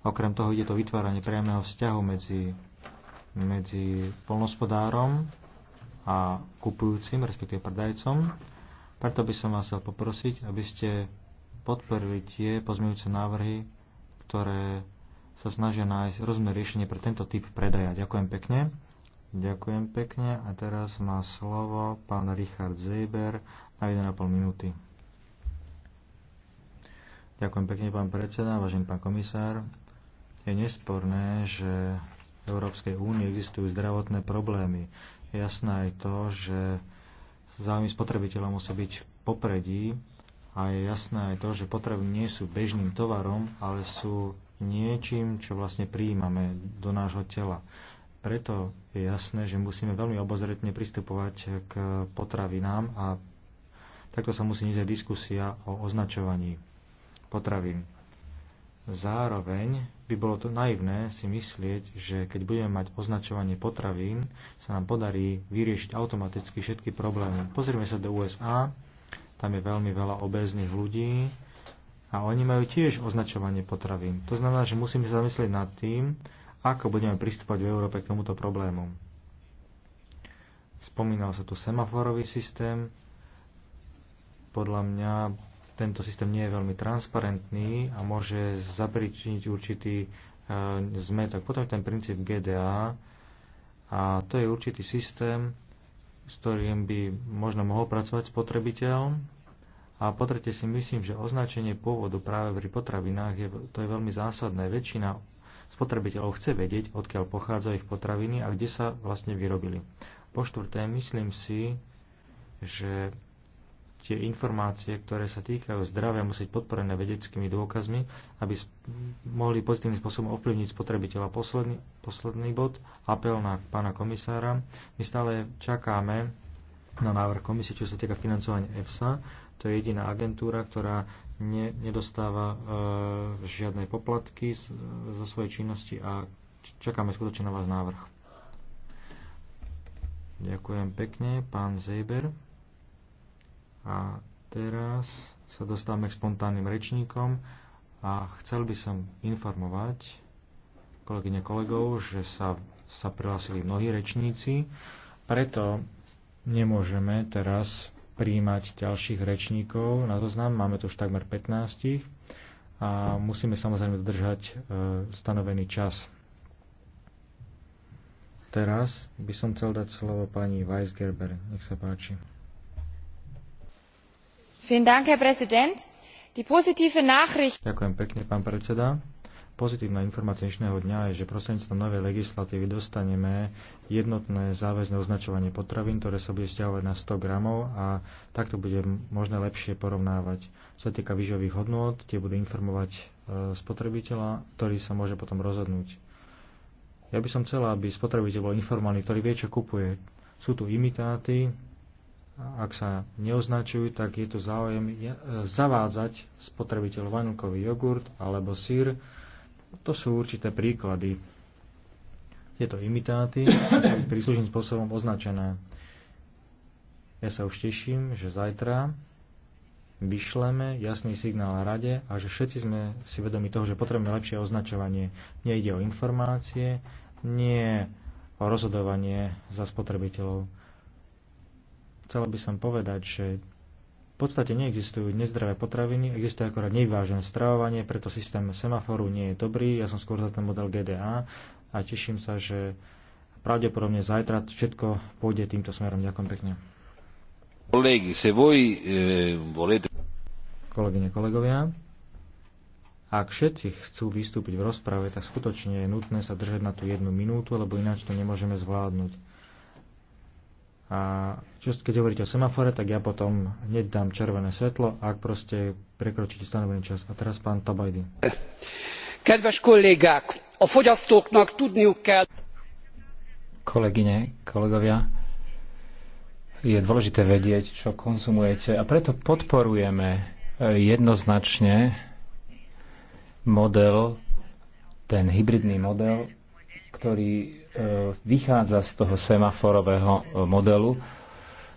Okrem toho ide to vytváranie priamého vzťahu medzi, medzi polnospodárom a kupujúcim, respektíve predajcom. Preto by som vás chcel poprosiť, aby ste podporili tie pozmeňujúce návrhy, ktoré sa snažia nájsť rozumné riešenie pre tento typ predaja. Ďakujem pekne. Ďakujem pekne a teraz má slovo pán Richard Zeber na 1,5 minúty. Ďakujem pekne, pán predseda, vážený pán komisár. Je nesporné, že v Európskej únii existujú zdravotné problémy. jasné je to, že záujmy spotrebiteľa musí byť v popredí a je jasné aj to, že potreby nie sú bežným tovarom, ale sú niečím, čo vlastne prijímame do nášho tela. Preto je jasné, že musíme veľmi obozretne pristupovať k potravinám a takto sa musí ísť aj diskusia o označovaní potravín. Zároveň by bolo to naivné si myslieť, že keď budeme mať označovanie potravín, sa nám podarí vyriešiť automaticky všetky problémy. Pozrieme sa do USA, tam je veľmi veľa obéznych ľudí a oni majú tiež označovanie potravín. To znamená, že musíme sa zamyslieť nad tým, ako budeme pristúpať v Európe k tomuto problému. Spomínal sa tu semaforový systém. Podľa mňa tento systém nie je veľmi transparentný a môže zapričiniť určitý e, zmetok. Potom je ten princíp GDA a to je určitý systém, s ktorým by možno mohol pracovať spotrebiteľ. A po tretie si myslím, že označenie pôvodu práve pri potravinách je, to je veľmi zásadné. Väčšina spotrebiteľov chce vedieť, odkiaľ pochádzajú ich potraviny a kde sa vlastne vyrobili. Po štvrté, myslím si, že tie informácie, ktoré sa týkajú zdravia, byť podporené vedeckými dôkazmi, aby mohli pozitívnym spôsobom ovplyvniť spotrebiteľa. Posledný, posledný bod, apel na pána komisára. My stále čakáme na návrh komisie, čo sa týka financovania EFSA. To je jediná agentúra, ktorá ne, nedostáva e, žiadne poplatky zo svojej činnosti a čakáme skutočne na vás návrh. Ďakujem pekne, pán Zeber. A teraz sa dostávame k spontánnym rečníkom a chcel by som informovať kolegyne kolegov, že sa, sa prihlásili mnohí rečníci, preto nemôžeme teraz príjmať ďalších rečníkov na zoznam. Máme tu už takmer 15 a musíme samozrejme dodržať e, stanovený čas. Teraz by som chcel dať slovo pani Weisgerber. Nech sa páči. Ďakujem pekne, pán predseda. Pozitívna informácia dnešného dňa je, že prostredníctvom novej legislatívy dostaneme jednotné záväzné označovanie potravín, ktoré sa bude stiahovať na 100 gramov a takto bude možné lepšie porovnávať. Čo sa týka výživových hodnôt, tie budú informovať e, spotrebiteľa, ktorý sa môže potom rozhodnúť. Ja by som chcela, aby spotrebiteľ bol informovaný, ktorý vie, čo kupuje. Sú tu imitáty, ak sa neoznačujú, tak je tu záujem e, zavádzať spotrebiteľ vanilkový jogurt alebo sír, to sú určité príklady. Tieto imitáty sú príslušným spôsobom označené. Ja sa už teším, že zajtra vyšleme jasný signál rade a že všetci sme si vedomi toho, že potrebujeme lepšie označovanie. Nie ide o informácie, nie o rozhodovanie za spotrebiteľov. Chcel by som povedať, že v podstate neexistujú nezdravé potraviny, existuje akorát nevyvážené stravovanie, preto systém semaforu nie je dobrý. Ja som skôr za ten model GDA a teším sa, že pravdepodobne zajtra všetko pôjde týmto smerom. Ďakujem pekne. Kolegy, se voj, e, eh, volete... Kolegyne, kolegovia, ak všetci chcú vystúpiť v rozprave, tak skutočne je nutné sa držať na tú jednu minútu, lebo ináč to nemôžeme zvládnuť. A čo, keď hovoríte o semafore, tak ja potom hneď dám červené svetlo, ak proste prekročíte stanovený čas. A teraz pán Tabajdy. Kedves kollégák, a fogyasztóknak tudniuk kell... Kolegyne, kolegovia, je dôležité vedieť, čo konzumujete a preto podporujeme eh, jednoznačne model, ten hybridný model, ktorý E, vychádza z toho semaforového e, modelu.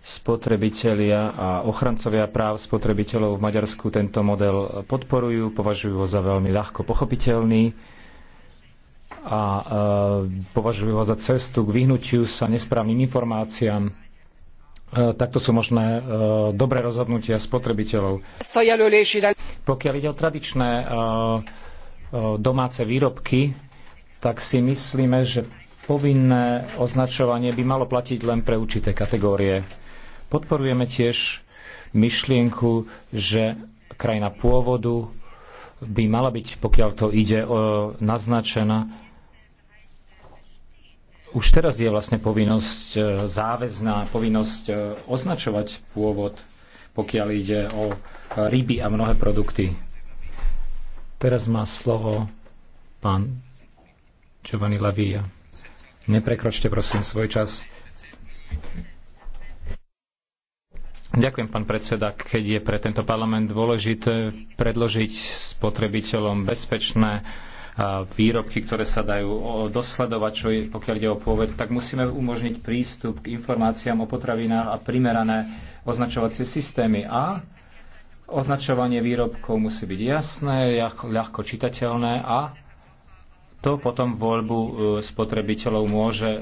Spotrebitelia a ochrancovia práv spotrebiteľov v Maďarsku tento model podporujú, považujú ho za veľmi ľahko pochopiteľný a e, považujú ho za cestu k vyhnutiu sa nesprávnym informáciám. Takto sú možné dobré rozhodnutia spotrebiteľov. Pokiaľ ide o tradičné domáce výrobky, tak si myslíme, že Povinné označovanie by malo platiť len pre určité kategórie. Podporujeme tiež myšlienku, že krajina pôvodu by mala byť, pokiaľ to ide, naznačená už teraz je vlastne povinnosť e, záväzná, povinnosť e, označovať pôvod, pokiaľ ide o ryby a mnohé produkty. Teraz má slovo pán Giovanni Lavia. Neprekročte prosím svoj čas. Ďakujem, pán predseda. Keď je pre tento parlament dôležité predložiť spotrebiteľom bezpečné výrobky, ktoré sa dajú dosledovať, čo je, pokiaľ ide o pôvod, tak musíme umožniť prístup k informáciám o potravinách a primerané označovacie systémy. A označovanie výrobkov musí byť jasné, ľahko čitateľné a to potom voľbu e, spotrebiteľov môže e, e,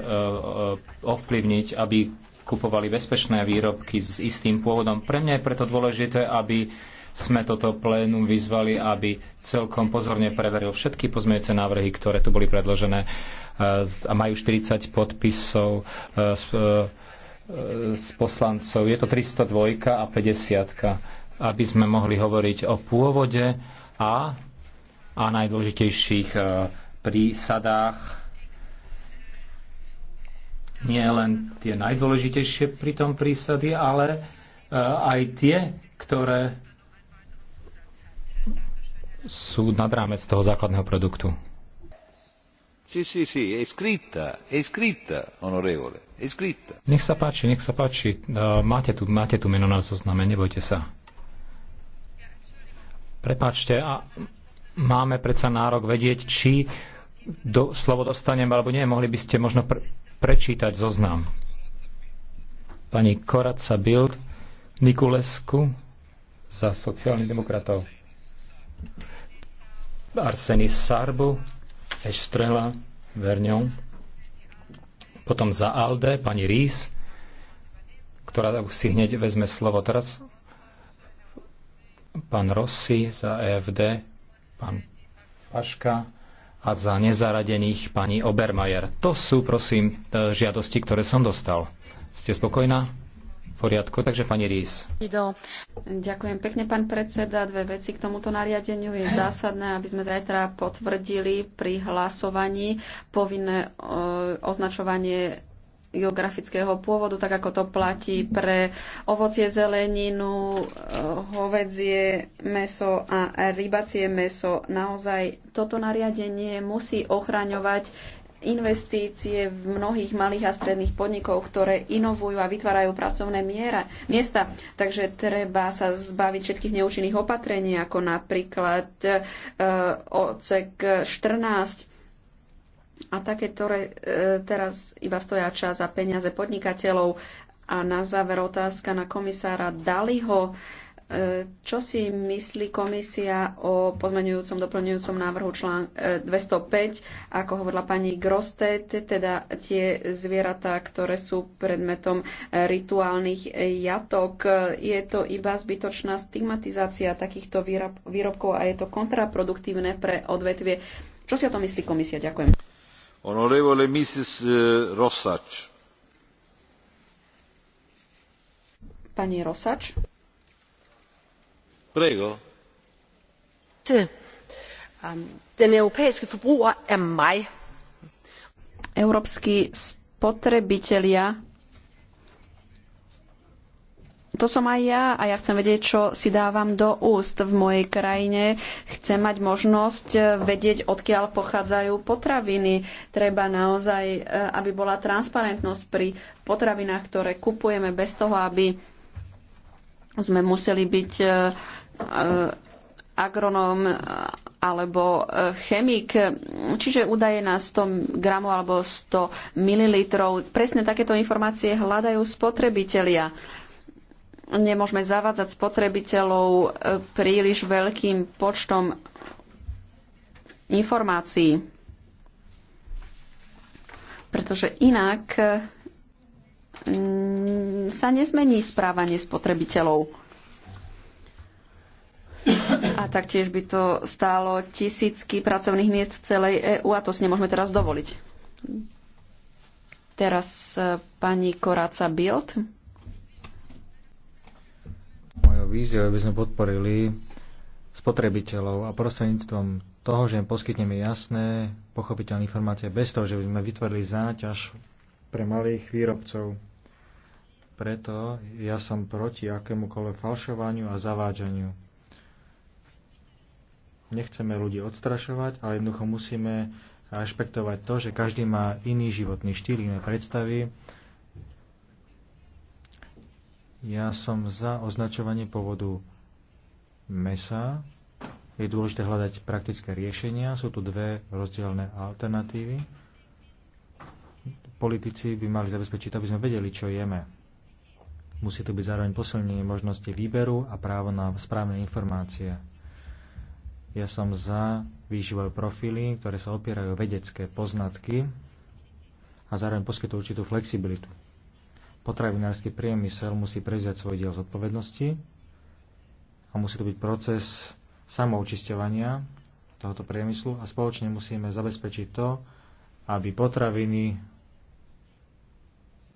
ovplyvniť, aby kupovali bezpečné výrobky s istým pôvodom. Pre mňa je preto dôležité, aby sme toto plénum vyzvali, aby celkom pozorne preveril všetky pozmejúce návrhy, ktoré tu boli predložené a majú 40 podpisov z, z poslancov. Je to 302 a 50, aby sme mohli hovoriť o pôvode a, a najdôležitejších pri sadách nie len tie najdôležitejšie pri tom prísady, ale e, aj tie, ktoré sú nad rámec toho základného produktu. Sí, sí, sí, je scritta, je scritta, honorevole, je scritta. Nech sa páči, nech sa páči. E, máte tu, máte tu meno na zozname, nebojte sa. Prepáčte, a máme predsa nárok vedieť, či do, slovo dostanem alebo nie. Mohli by ste možno pr- prečítať zoznam. Pani Koraca Bild, Nikulesku za sociálnych demokratov, Arsenis Sarbu, Eštrela, Verňon, potom za Alde, pani Rís, ktorá si hneď vezme slovo teraz, pán Rossi za EFD, pán Paška a za nezaradených pani Obermajer. To sú, prosím, e, žiadosti, ktoré som dostal. Ste spokojná? V poriadku, takže pani Rís. Ďakujem pekne, pán predseda. Dve veci k tomuto nariadeniu. Je zásadné, aby sme zajtra potvrdili pri hlasovaní povinné e, označovanie geografického pôvodu, tak ako to platí pre ovocie, zeleninu, eh, hovedzie meso a rybacie meso. Naozaj toto nariadenie musí ochraňovať investície v mnohých malých a stredných podnikov, ktoré inovujú a vytvárajú pracovné miera, miesta. Takže treba sa zbaviť všetkých neúčinných opatrení, ako napríklad e, ocek 14 a také, ktoré e, teraz iba stoja čas a peniaze podnikateľov. A na záver otázka na komisára Daliho. E, čo si myslí komisia o pozmeňujúcom, doplňujúcom návrhu člán 205, e, ako hovorila pani Grostet, teda tie zvieratá, ktoré sú predmetom rituálnych jatok. Je to iba zbytočná stigmatizácia takýchto výrobkov a je to kontraproduktívne pre odvetvie. Čo si o tom myslí komisia? Ďakujem. Onorevole Mrs. E, Rosač. Pani Rosač. Prego. Um, den europæiske er mig. Európsky spotrebitelia to som aj ja a ja chcem vedieť, čo si dávam do úst v mojej krajine. Chcem mať možnosť eh, vedieť, odkiaľ pochádzajú potraviny. Treba naozaj, eh, aby bola transparentnosť pri potravinách, ktoré kupujeme, bez toho, aby sme museli byť eh, agronóm alebo chemik, čiže údaje na 100 gramov alebo 100 mililitrov. Presne takéto informácie hľadajú spotrebitelia nemôžeme zavádzať spotrebiteľov e, príliš veľkým počtom informácií. Pretože inak e, sa nezmení správanie spotrebiteľov. A taktiež by to stálo tisícky pracovných miest v celej EÚ a to si nemôžeme teraz dovoliť. Teraz e, pani Koráca Bild víziou, aby sme podporili spotrebiteľov a prostredníctvom toho, že im poskytneme jasné, pochopiteľné informácie bez toho, že by sme vytvorili záťaž pre malých výrobcov. Preto ja som proti akémukoľvek falšovaniu a zavádzaniu. Nechceme ľudí odstrašovať, ale jednoducho musíme rešpektovať to, že každý má iný životný štýl, iné predstavy ja som za označovanie pôvodu mesa. Je dôležité hľadať praktické riešenia. Sú tu dve rozdielne alternatívy. Politici by mali zabezpečiť, aby sme vedeli, čo jeme. Musí to byť zároveň posilnenie možnosti výberu a právo na správne informácie. Ja som za výživové profily, ktoré sa opierajú vedecké poznatky a zároveň poskytujú určitú flexibilitu potravinársky priemysel musí prevziať svoj diel zodpovednosti a musí to byť proces samoučisťovania tohoto priemyslu a spoločne musíme zabezpečiť to, aby potraviny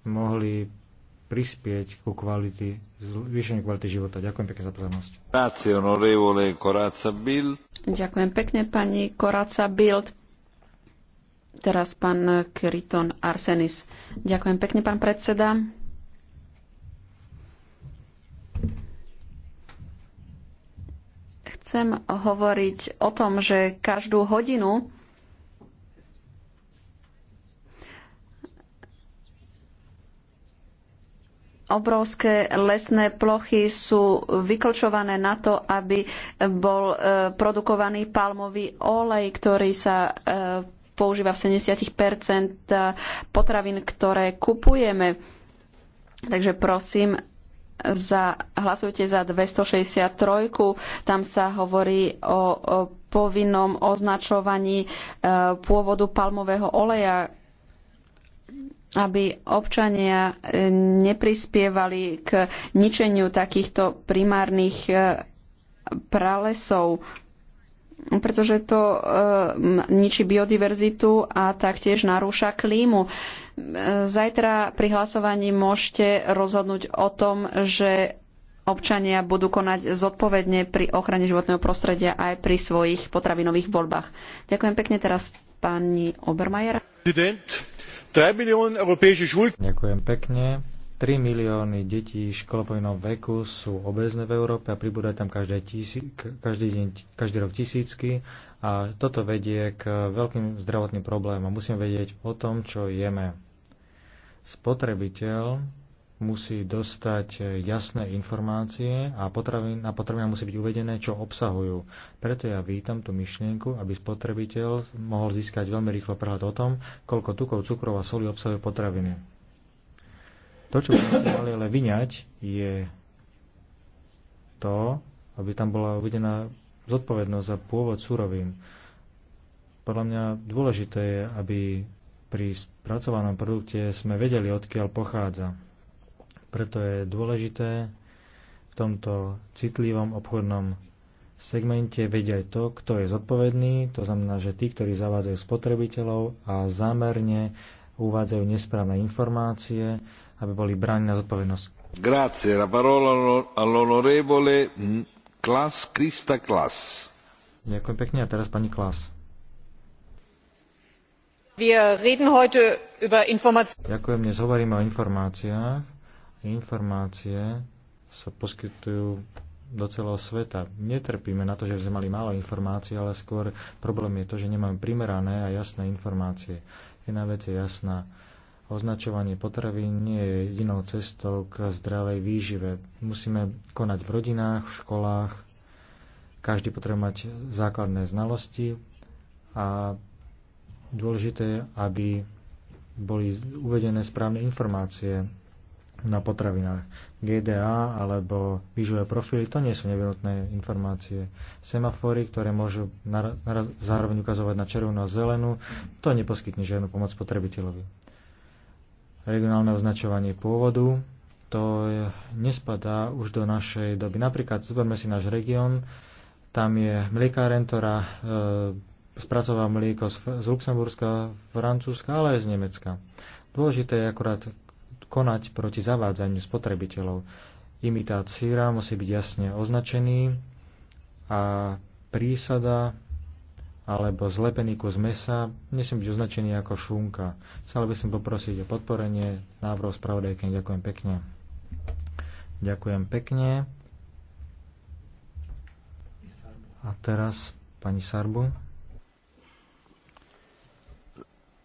mohli prispieť ku kvality, zvýšeniu kvality života. Ďakujem pekne za pozornosť. Ďakujem pekne pani Koráca Bild. Teraz pán Kriton Arsenis. Ďakujem pekne, pán predseda. Chcem hovoriť o tom, že každú hodinu obrovské lesné plochy sú vyklčované na to, aby bol eh, produkovaný palmový olej, ktorý sa eh, používa v 70 potravín, ktoré kupujeme. Takže prosím, za, hlasujte za 263. Tam sa hovorí o, o povinnom označovaní e, pôvodu palmového oleja, aby občania e, neprispievali k ničeniu takýchto primárnych e, pralesov pretože to e, ničí biodiverzitu a taktiež narúša klímu. E, zajtra pri hlasovaní môžete rozhodnúť o tom, že občania budú konať zodpovedne pri ochrane životného prostredia aj pri svojich potravinových voľbách. Ďakujem pekne teraz pani Obermajer. Ďakujem pekne. 3 milióny detí v školopovinnom veku sú obezné v Európe a pribúda tam každé tisí, každý, deň, každý rok tisícky a toto vedie k veľkým zdravotným problémom. Musíme vedieť o tom, čo jeme. Spotrebiteľ musí dostať jasné informácie a na potravinách musí byť uvedené, čo obsahujú. Preto ja vítam tú myšlienku, aby spotrebiteľ mohol získať veľmi rýchlo prehľad o tom, koľko tukov, cukrov a soli obsahujú potraviny. To, čo by sme mali ale vyňať, je to, aby tam bola uvedená zodpovednosť za pôvod surovín. Podľa mňa dôležité je, aby pri spracovanom produkte sme vedeli, odkiaľ pochádza. Preto je dôležité v tomto citlivom obchodnom segmente vedieť aj to, kto je zodpovedný, to znamená, že tí, ktorí zavádzajú spotrebiteľov a zámerne uvádzajú nesprávne informácie aby boli bráni na zodpovednosť. Grazie, la parola all'onorevole Klas Krista Klas. Ďakujem pekne a teraz pani Klas. Ďakujem, dnes hovoríme o informáciách. Informácie sa poskytujú do celého sveta. Netrpíme na to, že sme mali málo informácií, ale skôr problém je to, že nemáme primerané a jasné informácie. Jedna vec je jasná označovanie potravín nie je jedinou cestou k zdravej výžive. Musíme konať v rodinách, v školách, každý potrebuje mať základné znalosti a dôležité je, aby boli uvedené správne informácie na potravinách. GDA alebo výživové profily, to nie sú nevyhnutné informácie. Semafory, ktoré môžu zároveň ukazovať na červenú a zelenú, to neposkytne žiadnu pomoc potrebiteľovi regionálne označovanie pôvodu. To nespadá už do našej doby. Napríklad zoberme si náš región, tam je mliekáren, ktorá e, spracová mlieko z, z Luxemburska, Francúzska, ale aj z Nemecka. Dôležité je akurát konať proti zavádzaniu spotrebiteľov. Imitát síra musí byť jasne označený a prísada alebo zlepený kus mesa nesmie byť označený ako šunka. Chcel by som poprosiť o podporenie návrhu spravodajky. Ďakujem pekne. Ďakujem pekne. A teraz pani Sarbu.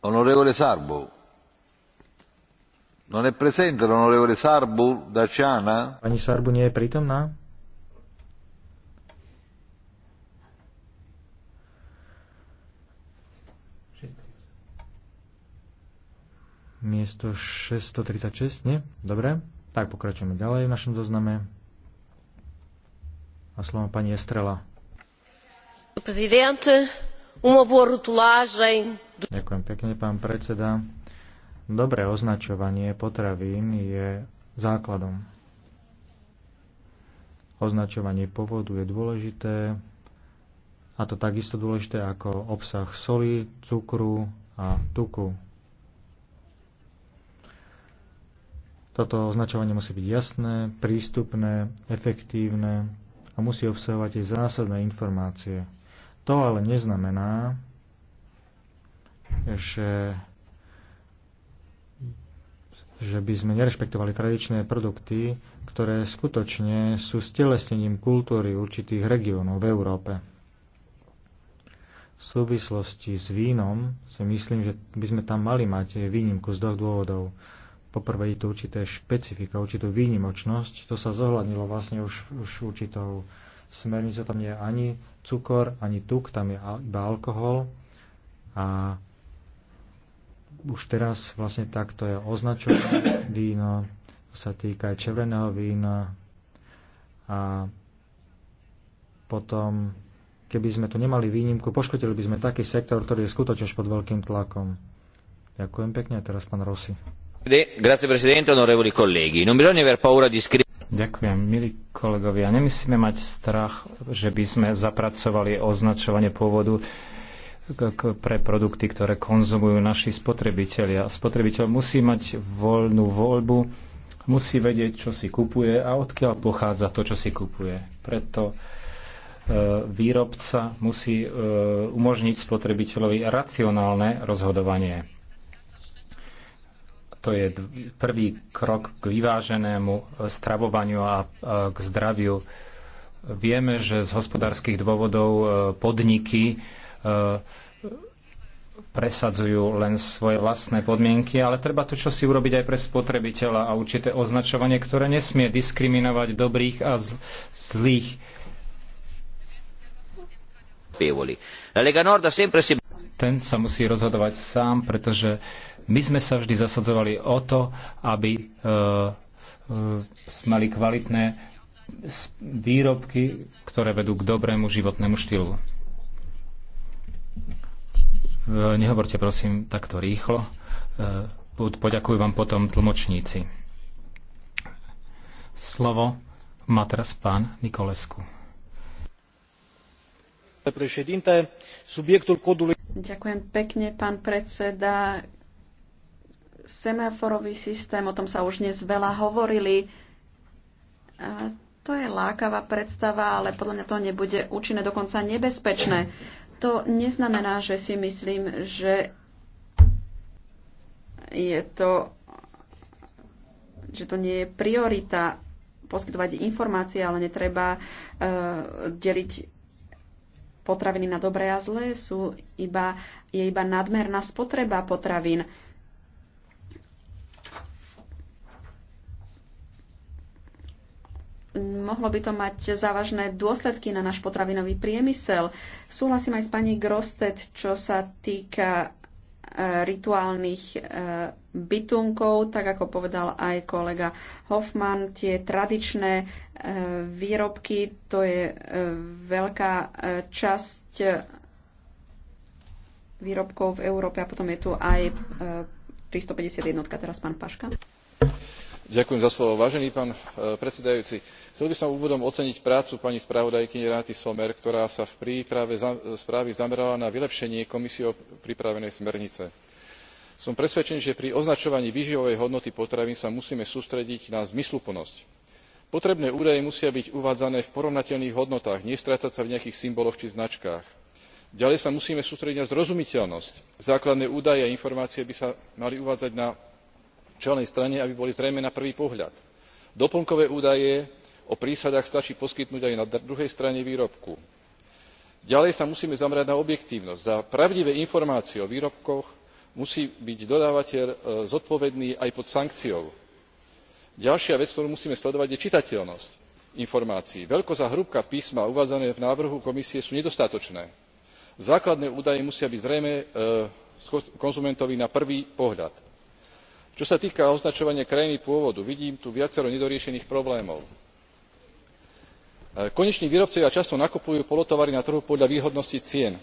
Onorevole Sarbu. Non è presente l'onorevole Sarbu da Ciana? Pani Sarbu nie je prítomná? miesto 636, nie? Dobre, tak pokračujeme ďalej v našom zozname. A slovo pani Estrela. Ďakujem pekne, pán predseda. Dobré označovanie potravín je základom. Označovanie povodu je dôležité, a to takisto dôležité ako obsah soli, cukru a tuku Toto označovanie musí byť jasné, prístupné, efektívne a musí obsahovať aj zásadné informácie. To ale neznamená, že že by sme nerešpektovali tradičné produkty, ktoré skutočne sú stelesnením kultúry určitých regiónov v Európe. V súvislosti s vínom si myslím, že by sme tam mali mať výnimku z dvoch dôvodov. Poprvé je to určité špecifika, určitú výnimočnosť. To sa zohľadnilo vlastne už, už určitou smernicou. Tam nie je ani cukor, ani tuk, tam je iba alkohol. A už teraz vlastne takto je označované víno, to sa týka aj červeného vína. A potom, keby sme tu nemali výnimku, poškodili by sme taký sektor, ktorý je skutočne pod veľkým tlakom. Ďakujem pekne teraz pán Rossi. Ďakujem, milí kolegovia. Nemusíme mať strach, že by sme zapracovali označovanie pôvodu pre produkty, ktoré konzumujú naši spotrebitelia. Spotrebiteľ musí mať voľnú voľbu, musí vedieť, čo si kupuje a odkiaľ pochádza to, čo si kupuje. Preto e, výrobca musí e, umožniť spotrebiteľovi racionálne rozhodovanie to je prvý krok k vyváženému e, stravovaniu a e, k zdraviu. Vieme, že z hospodárskych dôvodov e, podniky presadzujú len svoje vlastné podmienky, ale treba to čo si urobiť aj pre spotrebiteľa a určité označovanie, ktoré nesmie diskriminovať dobrých a zlých. Ten sa musí rozhodovať sám, pretože my sme sa vždy zasadzovali o to, aby e, e, mali kvalitné výrobky, ktoré vedú k dobrému životnému štýlu. E, nehovorte prosím takto rýchlo. Poďakujú vám potom tlmočníci. Slovo má teraz pán Nikolesku. Ďakujem pekne, pán predseda semaforový systém, o tom sa už dnes veľa hovorili. A to je lákavá predstava, ale podľa mňa to nebude účinné, dokonca nebezpečné. To neznamená, že si myslím, že je to, že to nie je priorita poskytovať informácie, ale netreba uh, deliť potraviny na dobré a zlé, sú iba, je iba nadmerná spotreba potravín. Uh, mohlo by to mať závažné dôsledky na náš potravinový priemysel. Súhlasím aj s pani Grostet, čo sa týka e, rituálnych e, bytunkov, tak ako povedal aj kolega Hoffman, tie tradičné e, výrobky, to je veľká časť výrobkov v Európe a potom je tu aj 351. Teraz pán Paška. Eh, chcel by som úvodom oceniť prácu pani spravodajkyne renaty sommer ktorá sa v príprave správy zamerala na vylepšenie komisiou pripravenej smernice. som presvedčený že pri označovaní výživovej hodnoty potravín sa musíme sústrediť na zmysluplnosť. potrebné údaje musia byť uvádzané v porovnateľných hodnotách nestrácať sa v nejakých symboloch či značkách. ďalej sa musíme sústrediť na zrozumiteľnosť základné údaje a informácie by sa mali uvádzať na čelnej strane aby boli zrejmé na prvý pohľad. doplnkové údaje o prísadách stačí poskytnúť aj na druhej strane výrobku. ďalej sa musíme zamerať na objektívnosť. za pravdivé informácie o výrobkoch musí byť dodávateľ e, zodpovedný aj pod sankciou. ďalšia vec ktorú musíme sledovať je čitateľnosť informácií. veľkosť a hrúbka písma uvádzané v návrhu komisie sú nedostatočné. základné údaje musia byť zrejmé e, konzumentovi na prvý pohľad čo sa týka označovania krajiny pôvodu vidím tu viacero nedoriešených problémov. E, koneční výrobcovia často nakupujú polotovary na trhu podľa výhodnosti cien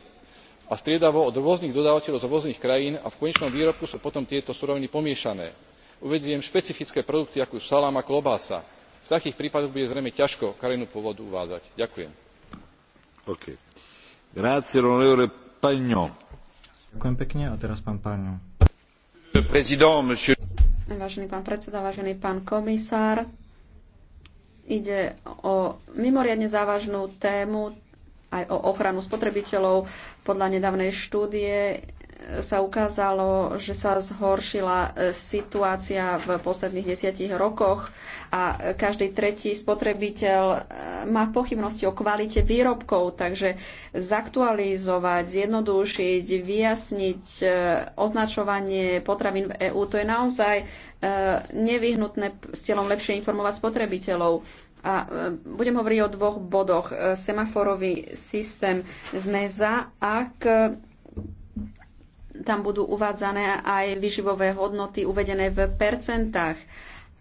a striedavo od rôznych dodávateľov z rôznych krajín a v konečnom výrobku sú potom tieto suroviny pomiešané. uvediem špecifické produkty ako sú saláma klobása. v takých prípadoch bude zrejme ťažko krajinu pôvodu uvádzať. ďakujem. ďakujem pekne a teraz pán Vážený pán predseda, vážený pán komisár, ide o mimoriadne závažnú tému, aj o ochranu spotrebiteľov. Podľa nedávnej štúdie e, sa ukázalo, že sa zhoršila e, situácia v posledných desiatich rokoch a každý tretí spotrebiteľ e, má pochybnosti o kvalite výrobkov, takže zaktualizovať, zjednodušiť, vyjasniť označovanie potravín v EÚ, to je naozaj nevyhnutné s cieľom lepšie informovať spotrebiteľov a e, budem hovoriť o dvoch bodoch. E, semaforový systém sme za, ak e, tam budú uvádzané aj vyživové hodnoty uvedené v percentách.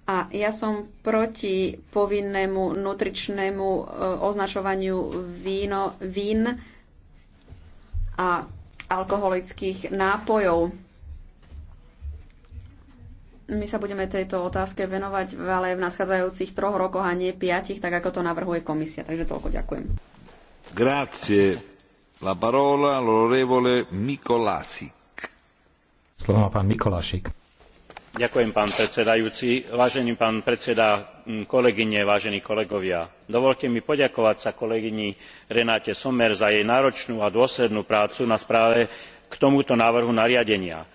A ja som proti povinnému nutričnému označovaniu víno, vín a alkoholických nápojov my sa budeme tejto otázke venovať, ale v nadchádzajúcich troch rokoch a nie piatich, tak ako to navrhuje komisia. Takže toľko ďakujem. Grazie. La parola l'orevole Mikolasik. Slovo má pán Mikolášik. Ďakujem, pán predsedajúci. Vážený pán predseda, kolegyne, vážení kolegovia. Dovolte mi poďakovať sa kolegyni Renáte Sommer za jej náročnú a dôslednú prácu na správe k tomuto návrhu nariadenia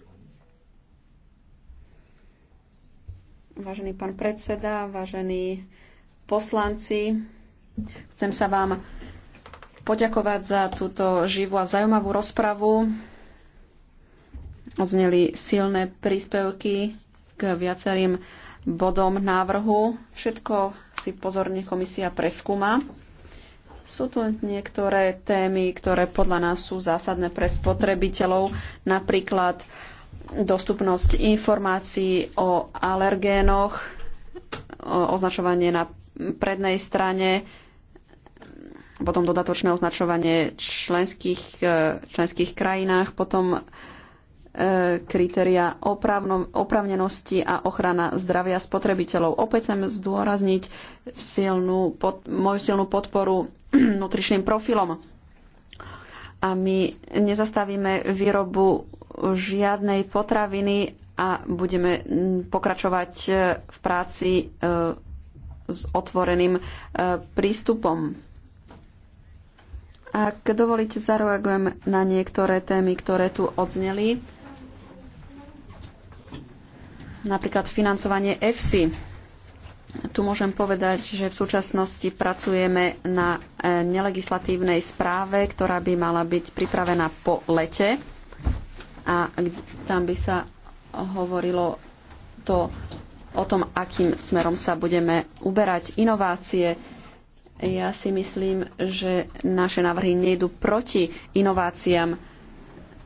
Vážený pán predseda, vážení poslanci, chcem sa vám poďakovať za túto živú a zaujímavú rozpravu. Odzneli silné príspevky k viacerým bodom návrhu. Všetko si pozorne komisia preskúma. Sú tu niektoré témy, ktoré podľa nás sú zásadné pre spotrebiteľov, napríklad dostupnosť informácií o alergénoch, o označovanie na prednej strane, potom dodatočné označovanie členských, e, členských krajinách, potom e, kritéria opravnenosti a ochrana zdravia spotrebiteľov. Opäť chcem zdôrazniť silnú, pod, moju silnú podporu nutričným profilom a my nezastavíme výrobu žiadnej potraviny a budeme pokračovať e, v práci e, s otvoreným e, prístupom. Ak dovolíte, zareagujem na niektoré témy, ktoré tu odzneli. Napríklad financovanie EFSI. Tu môžem povedať, že v súčasnosti pracujeme na e, nelegislatívnej správe, ktorá by mala byť pripravená po lete. A tam by sa hovorilo to o tom, akým smerom sa budeme uberať. Inovácie. Ja si myslím, že naše návrhy nejdu proti inováciám.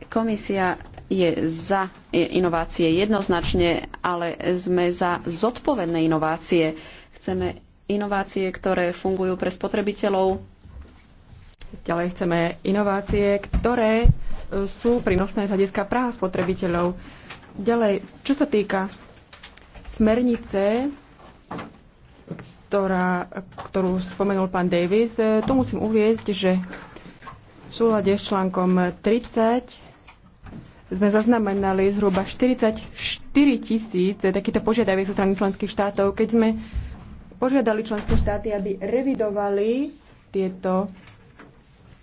Komisia je za inovácie jednoznačne, ale sme za zodpovedné inovácie. Chceme inovácie, ktoré fungujú pre spotrebiteľov. Ďalej chceme inovácie, ktoré e, sú prínosné z hľadiska práv spotrebiteľov. Ďalej, čo sa týka smernice, ktorá, ktorú spomenul pán Davis, e, tu musím uviezť, že v súlade s článkom 30 sme zaznamenali zhruba 44 tisíc takýchto požiadaviek zo strany členských štátov, keď sme požiadali členské štáty, aby revidovali tieto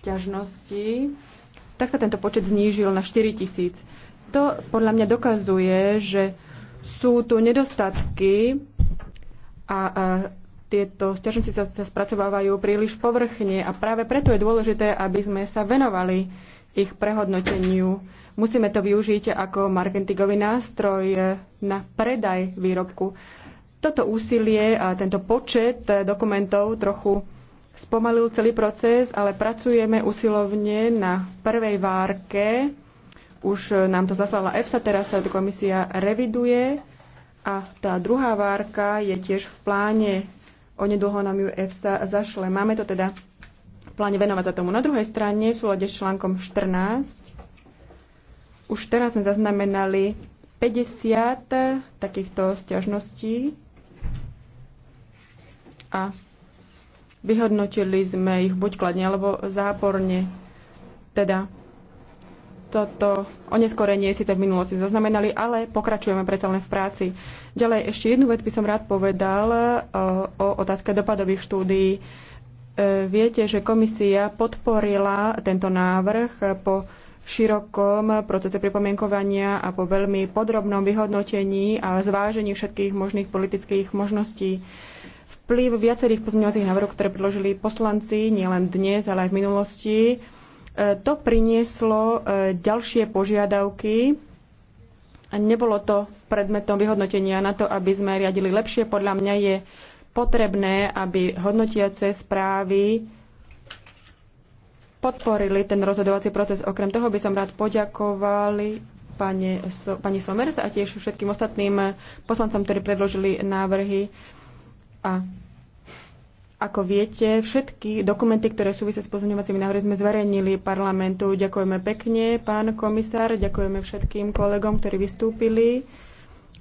sťažnosti, tak sa tento počet znížil na 4 tisíc. To podľa mňa dokazuje, že sú tu nedostatky a, a tieto sťažnosti sa, sa spracovávajú príliš povrchne a práve preto je dôležité, aby sme sa venovali ich prehodnoteniu Musíme to využiť ako marketingový nástroj na predaj výrobku. Toto úsilie a tento počet dokumentov trochu spomalil celý proces, ale pracujeme usilovne na prvej várke. Už nám to zaslala EFSA, teraz sa komisia reviduje a tá druhá várka je tiež v pláne. Onedlho nám ju EFSA zašle. Máme to teda v pláne venovať za tomu. Na druhej strane v súlade s článkom 14 už teraz sme zaznamenali 50 takýchto stiažností a vyhodnotili sme ich buď kladne alebo záporne. Teda toto oneskorenie síce v minulosti zaznamenali, ale pokračujeme predsa len v práci. Ďalej ešte jednu vec by som rád povedal o, e, o otázke dopadových štúdií. E, viete, že komisia podporila tento návrh po širokom procese pripomienkovania a po veľmi podrobnom vyhodnotení a zvážení všetkých možných politických možností. Vplyv viacerých pozmeňovacích návrhov, ktoré predložili poslanci nielen dnes, ale aj v minulosti, e, to prinieslo e, ďalšie požiadavky a nebolo to predmetom vyhodnotenia na to, aby sme riadili lepšie. Podľa mňa je potrebné, aby hodnotiace správy podporili ten rozhodovací proces. Okrem toho by som rád poďakovali pani, so, pani Somers a tiež všetkým ostatným poslancom, ktorí predložili návrhy. A ako viete, všetky dokumenty, ktoré súvisia s pozorňovacími návrhy, sme zverejnili parlamentu. Ďakujeme pekne, pán komisár, ďakujeme všetkým kolegom, ktorí vystúpili.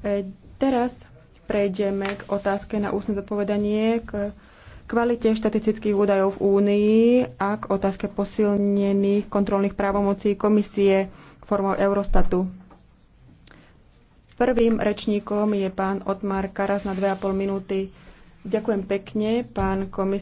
E, teraz prejdeme k otázke na ústne zodpovedanie, k kvalite štatistických údajov v Únii a k otázke posilnených kontrolných právomocí komisie formou Eurostatu. Prvým rečníkom je pán Otmar Karas na 2,5 minúty. Ďakujem pekne, pán komisár.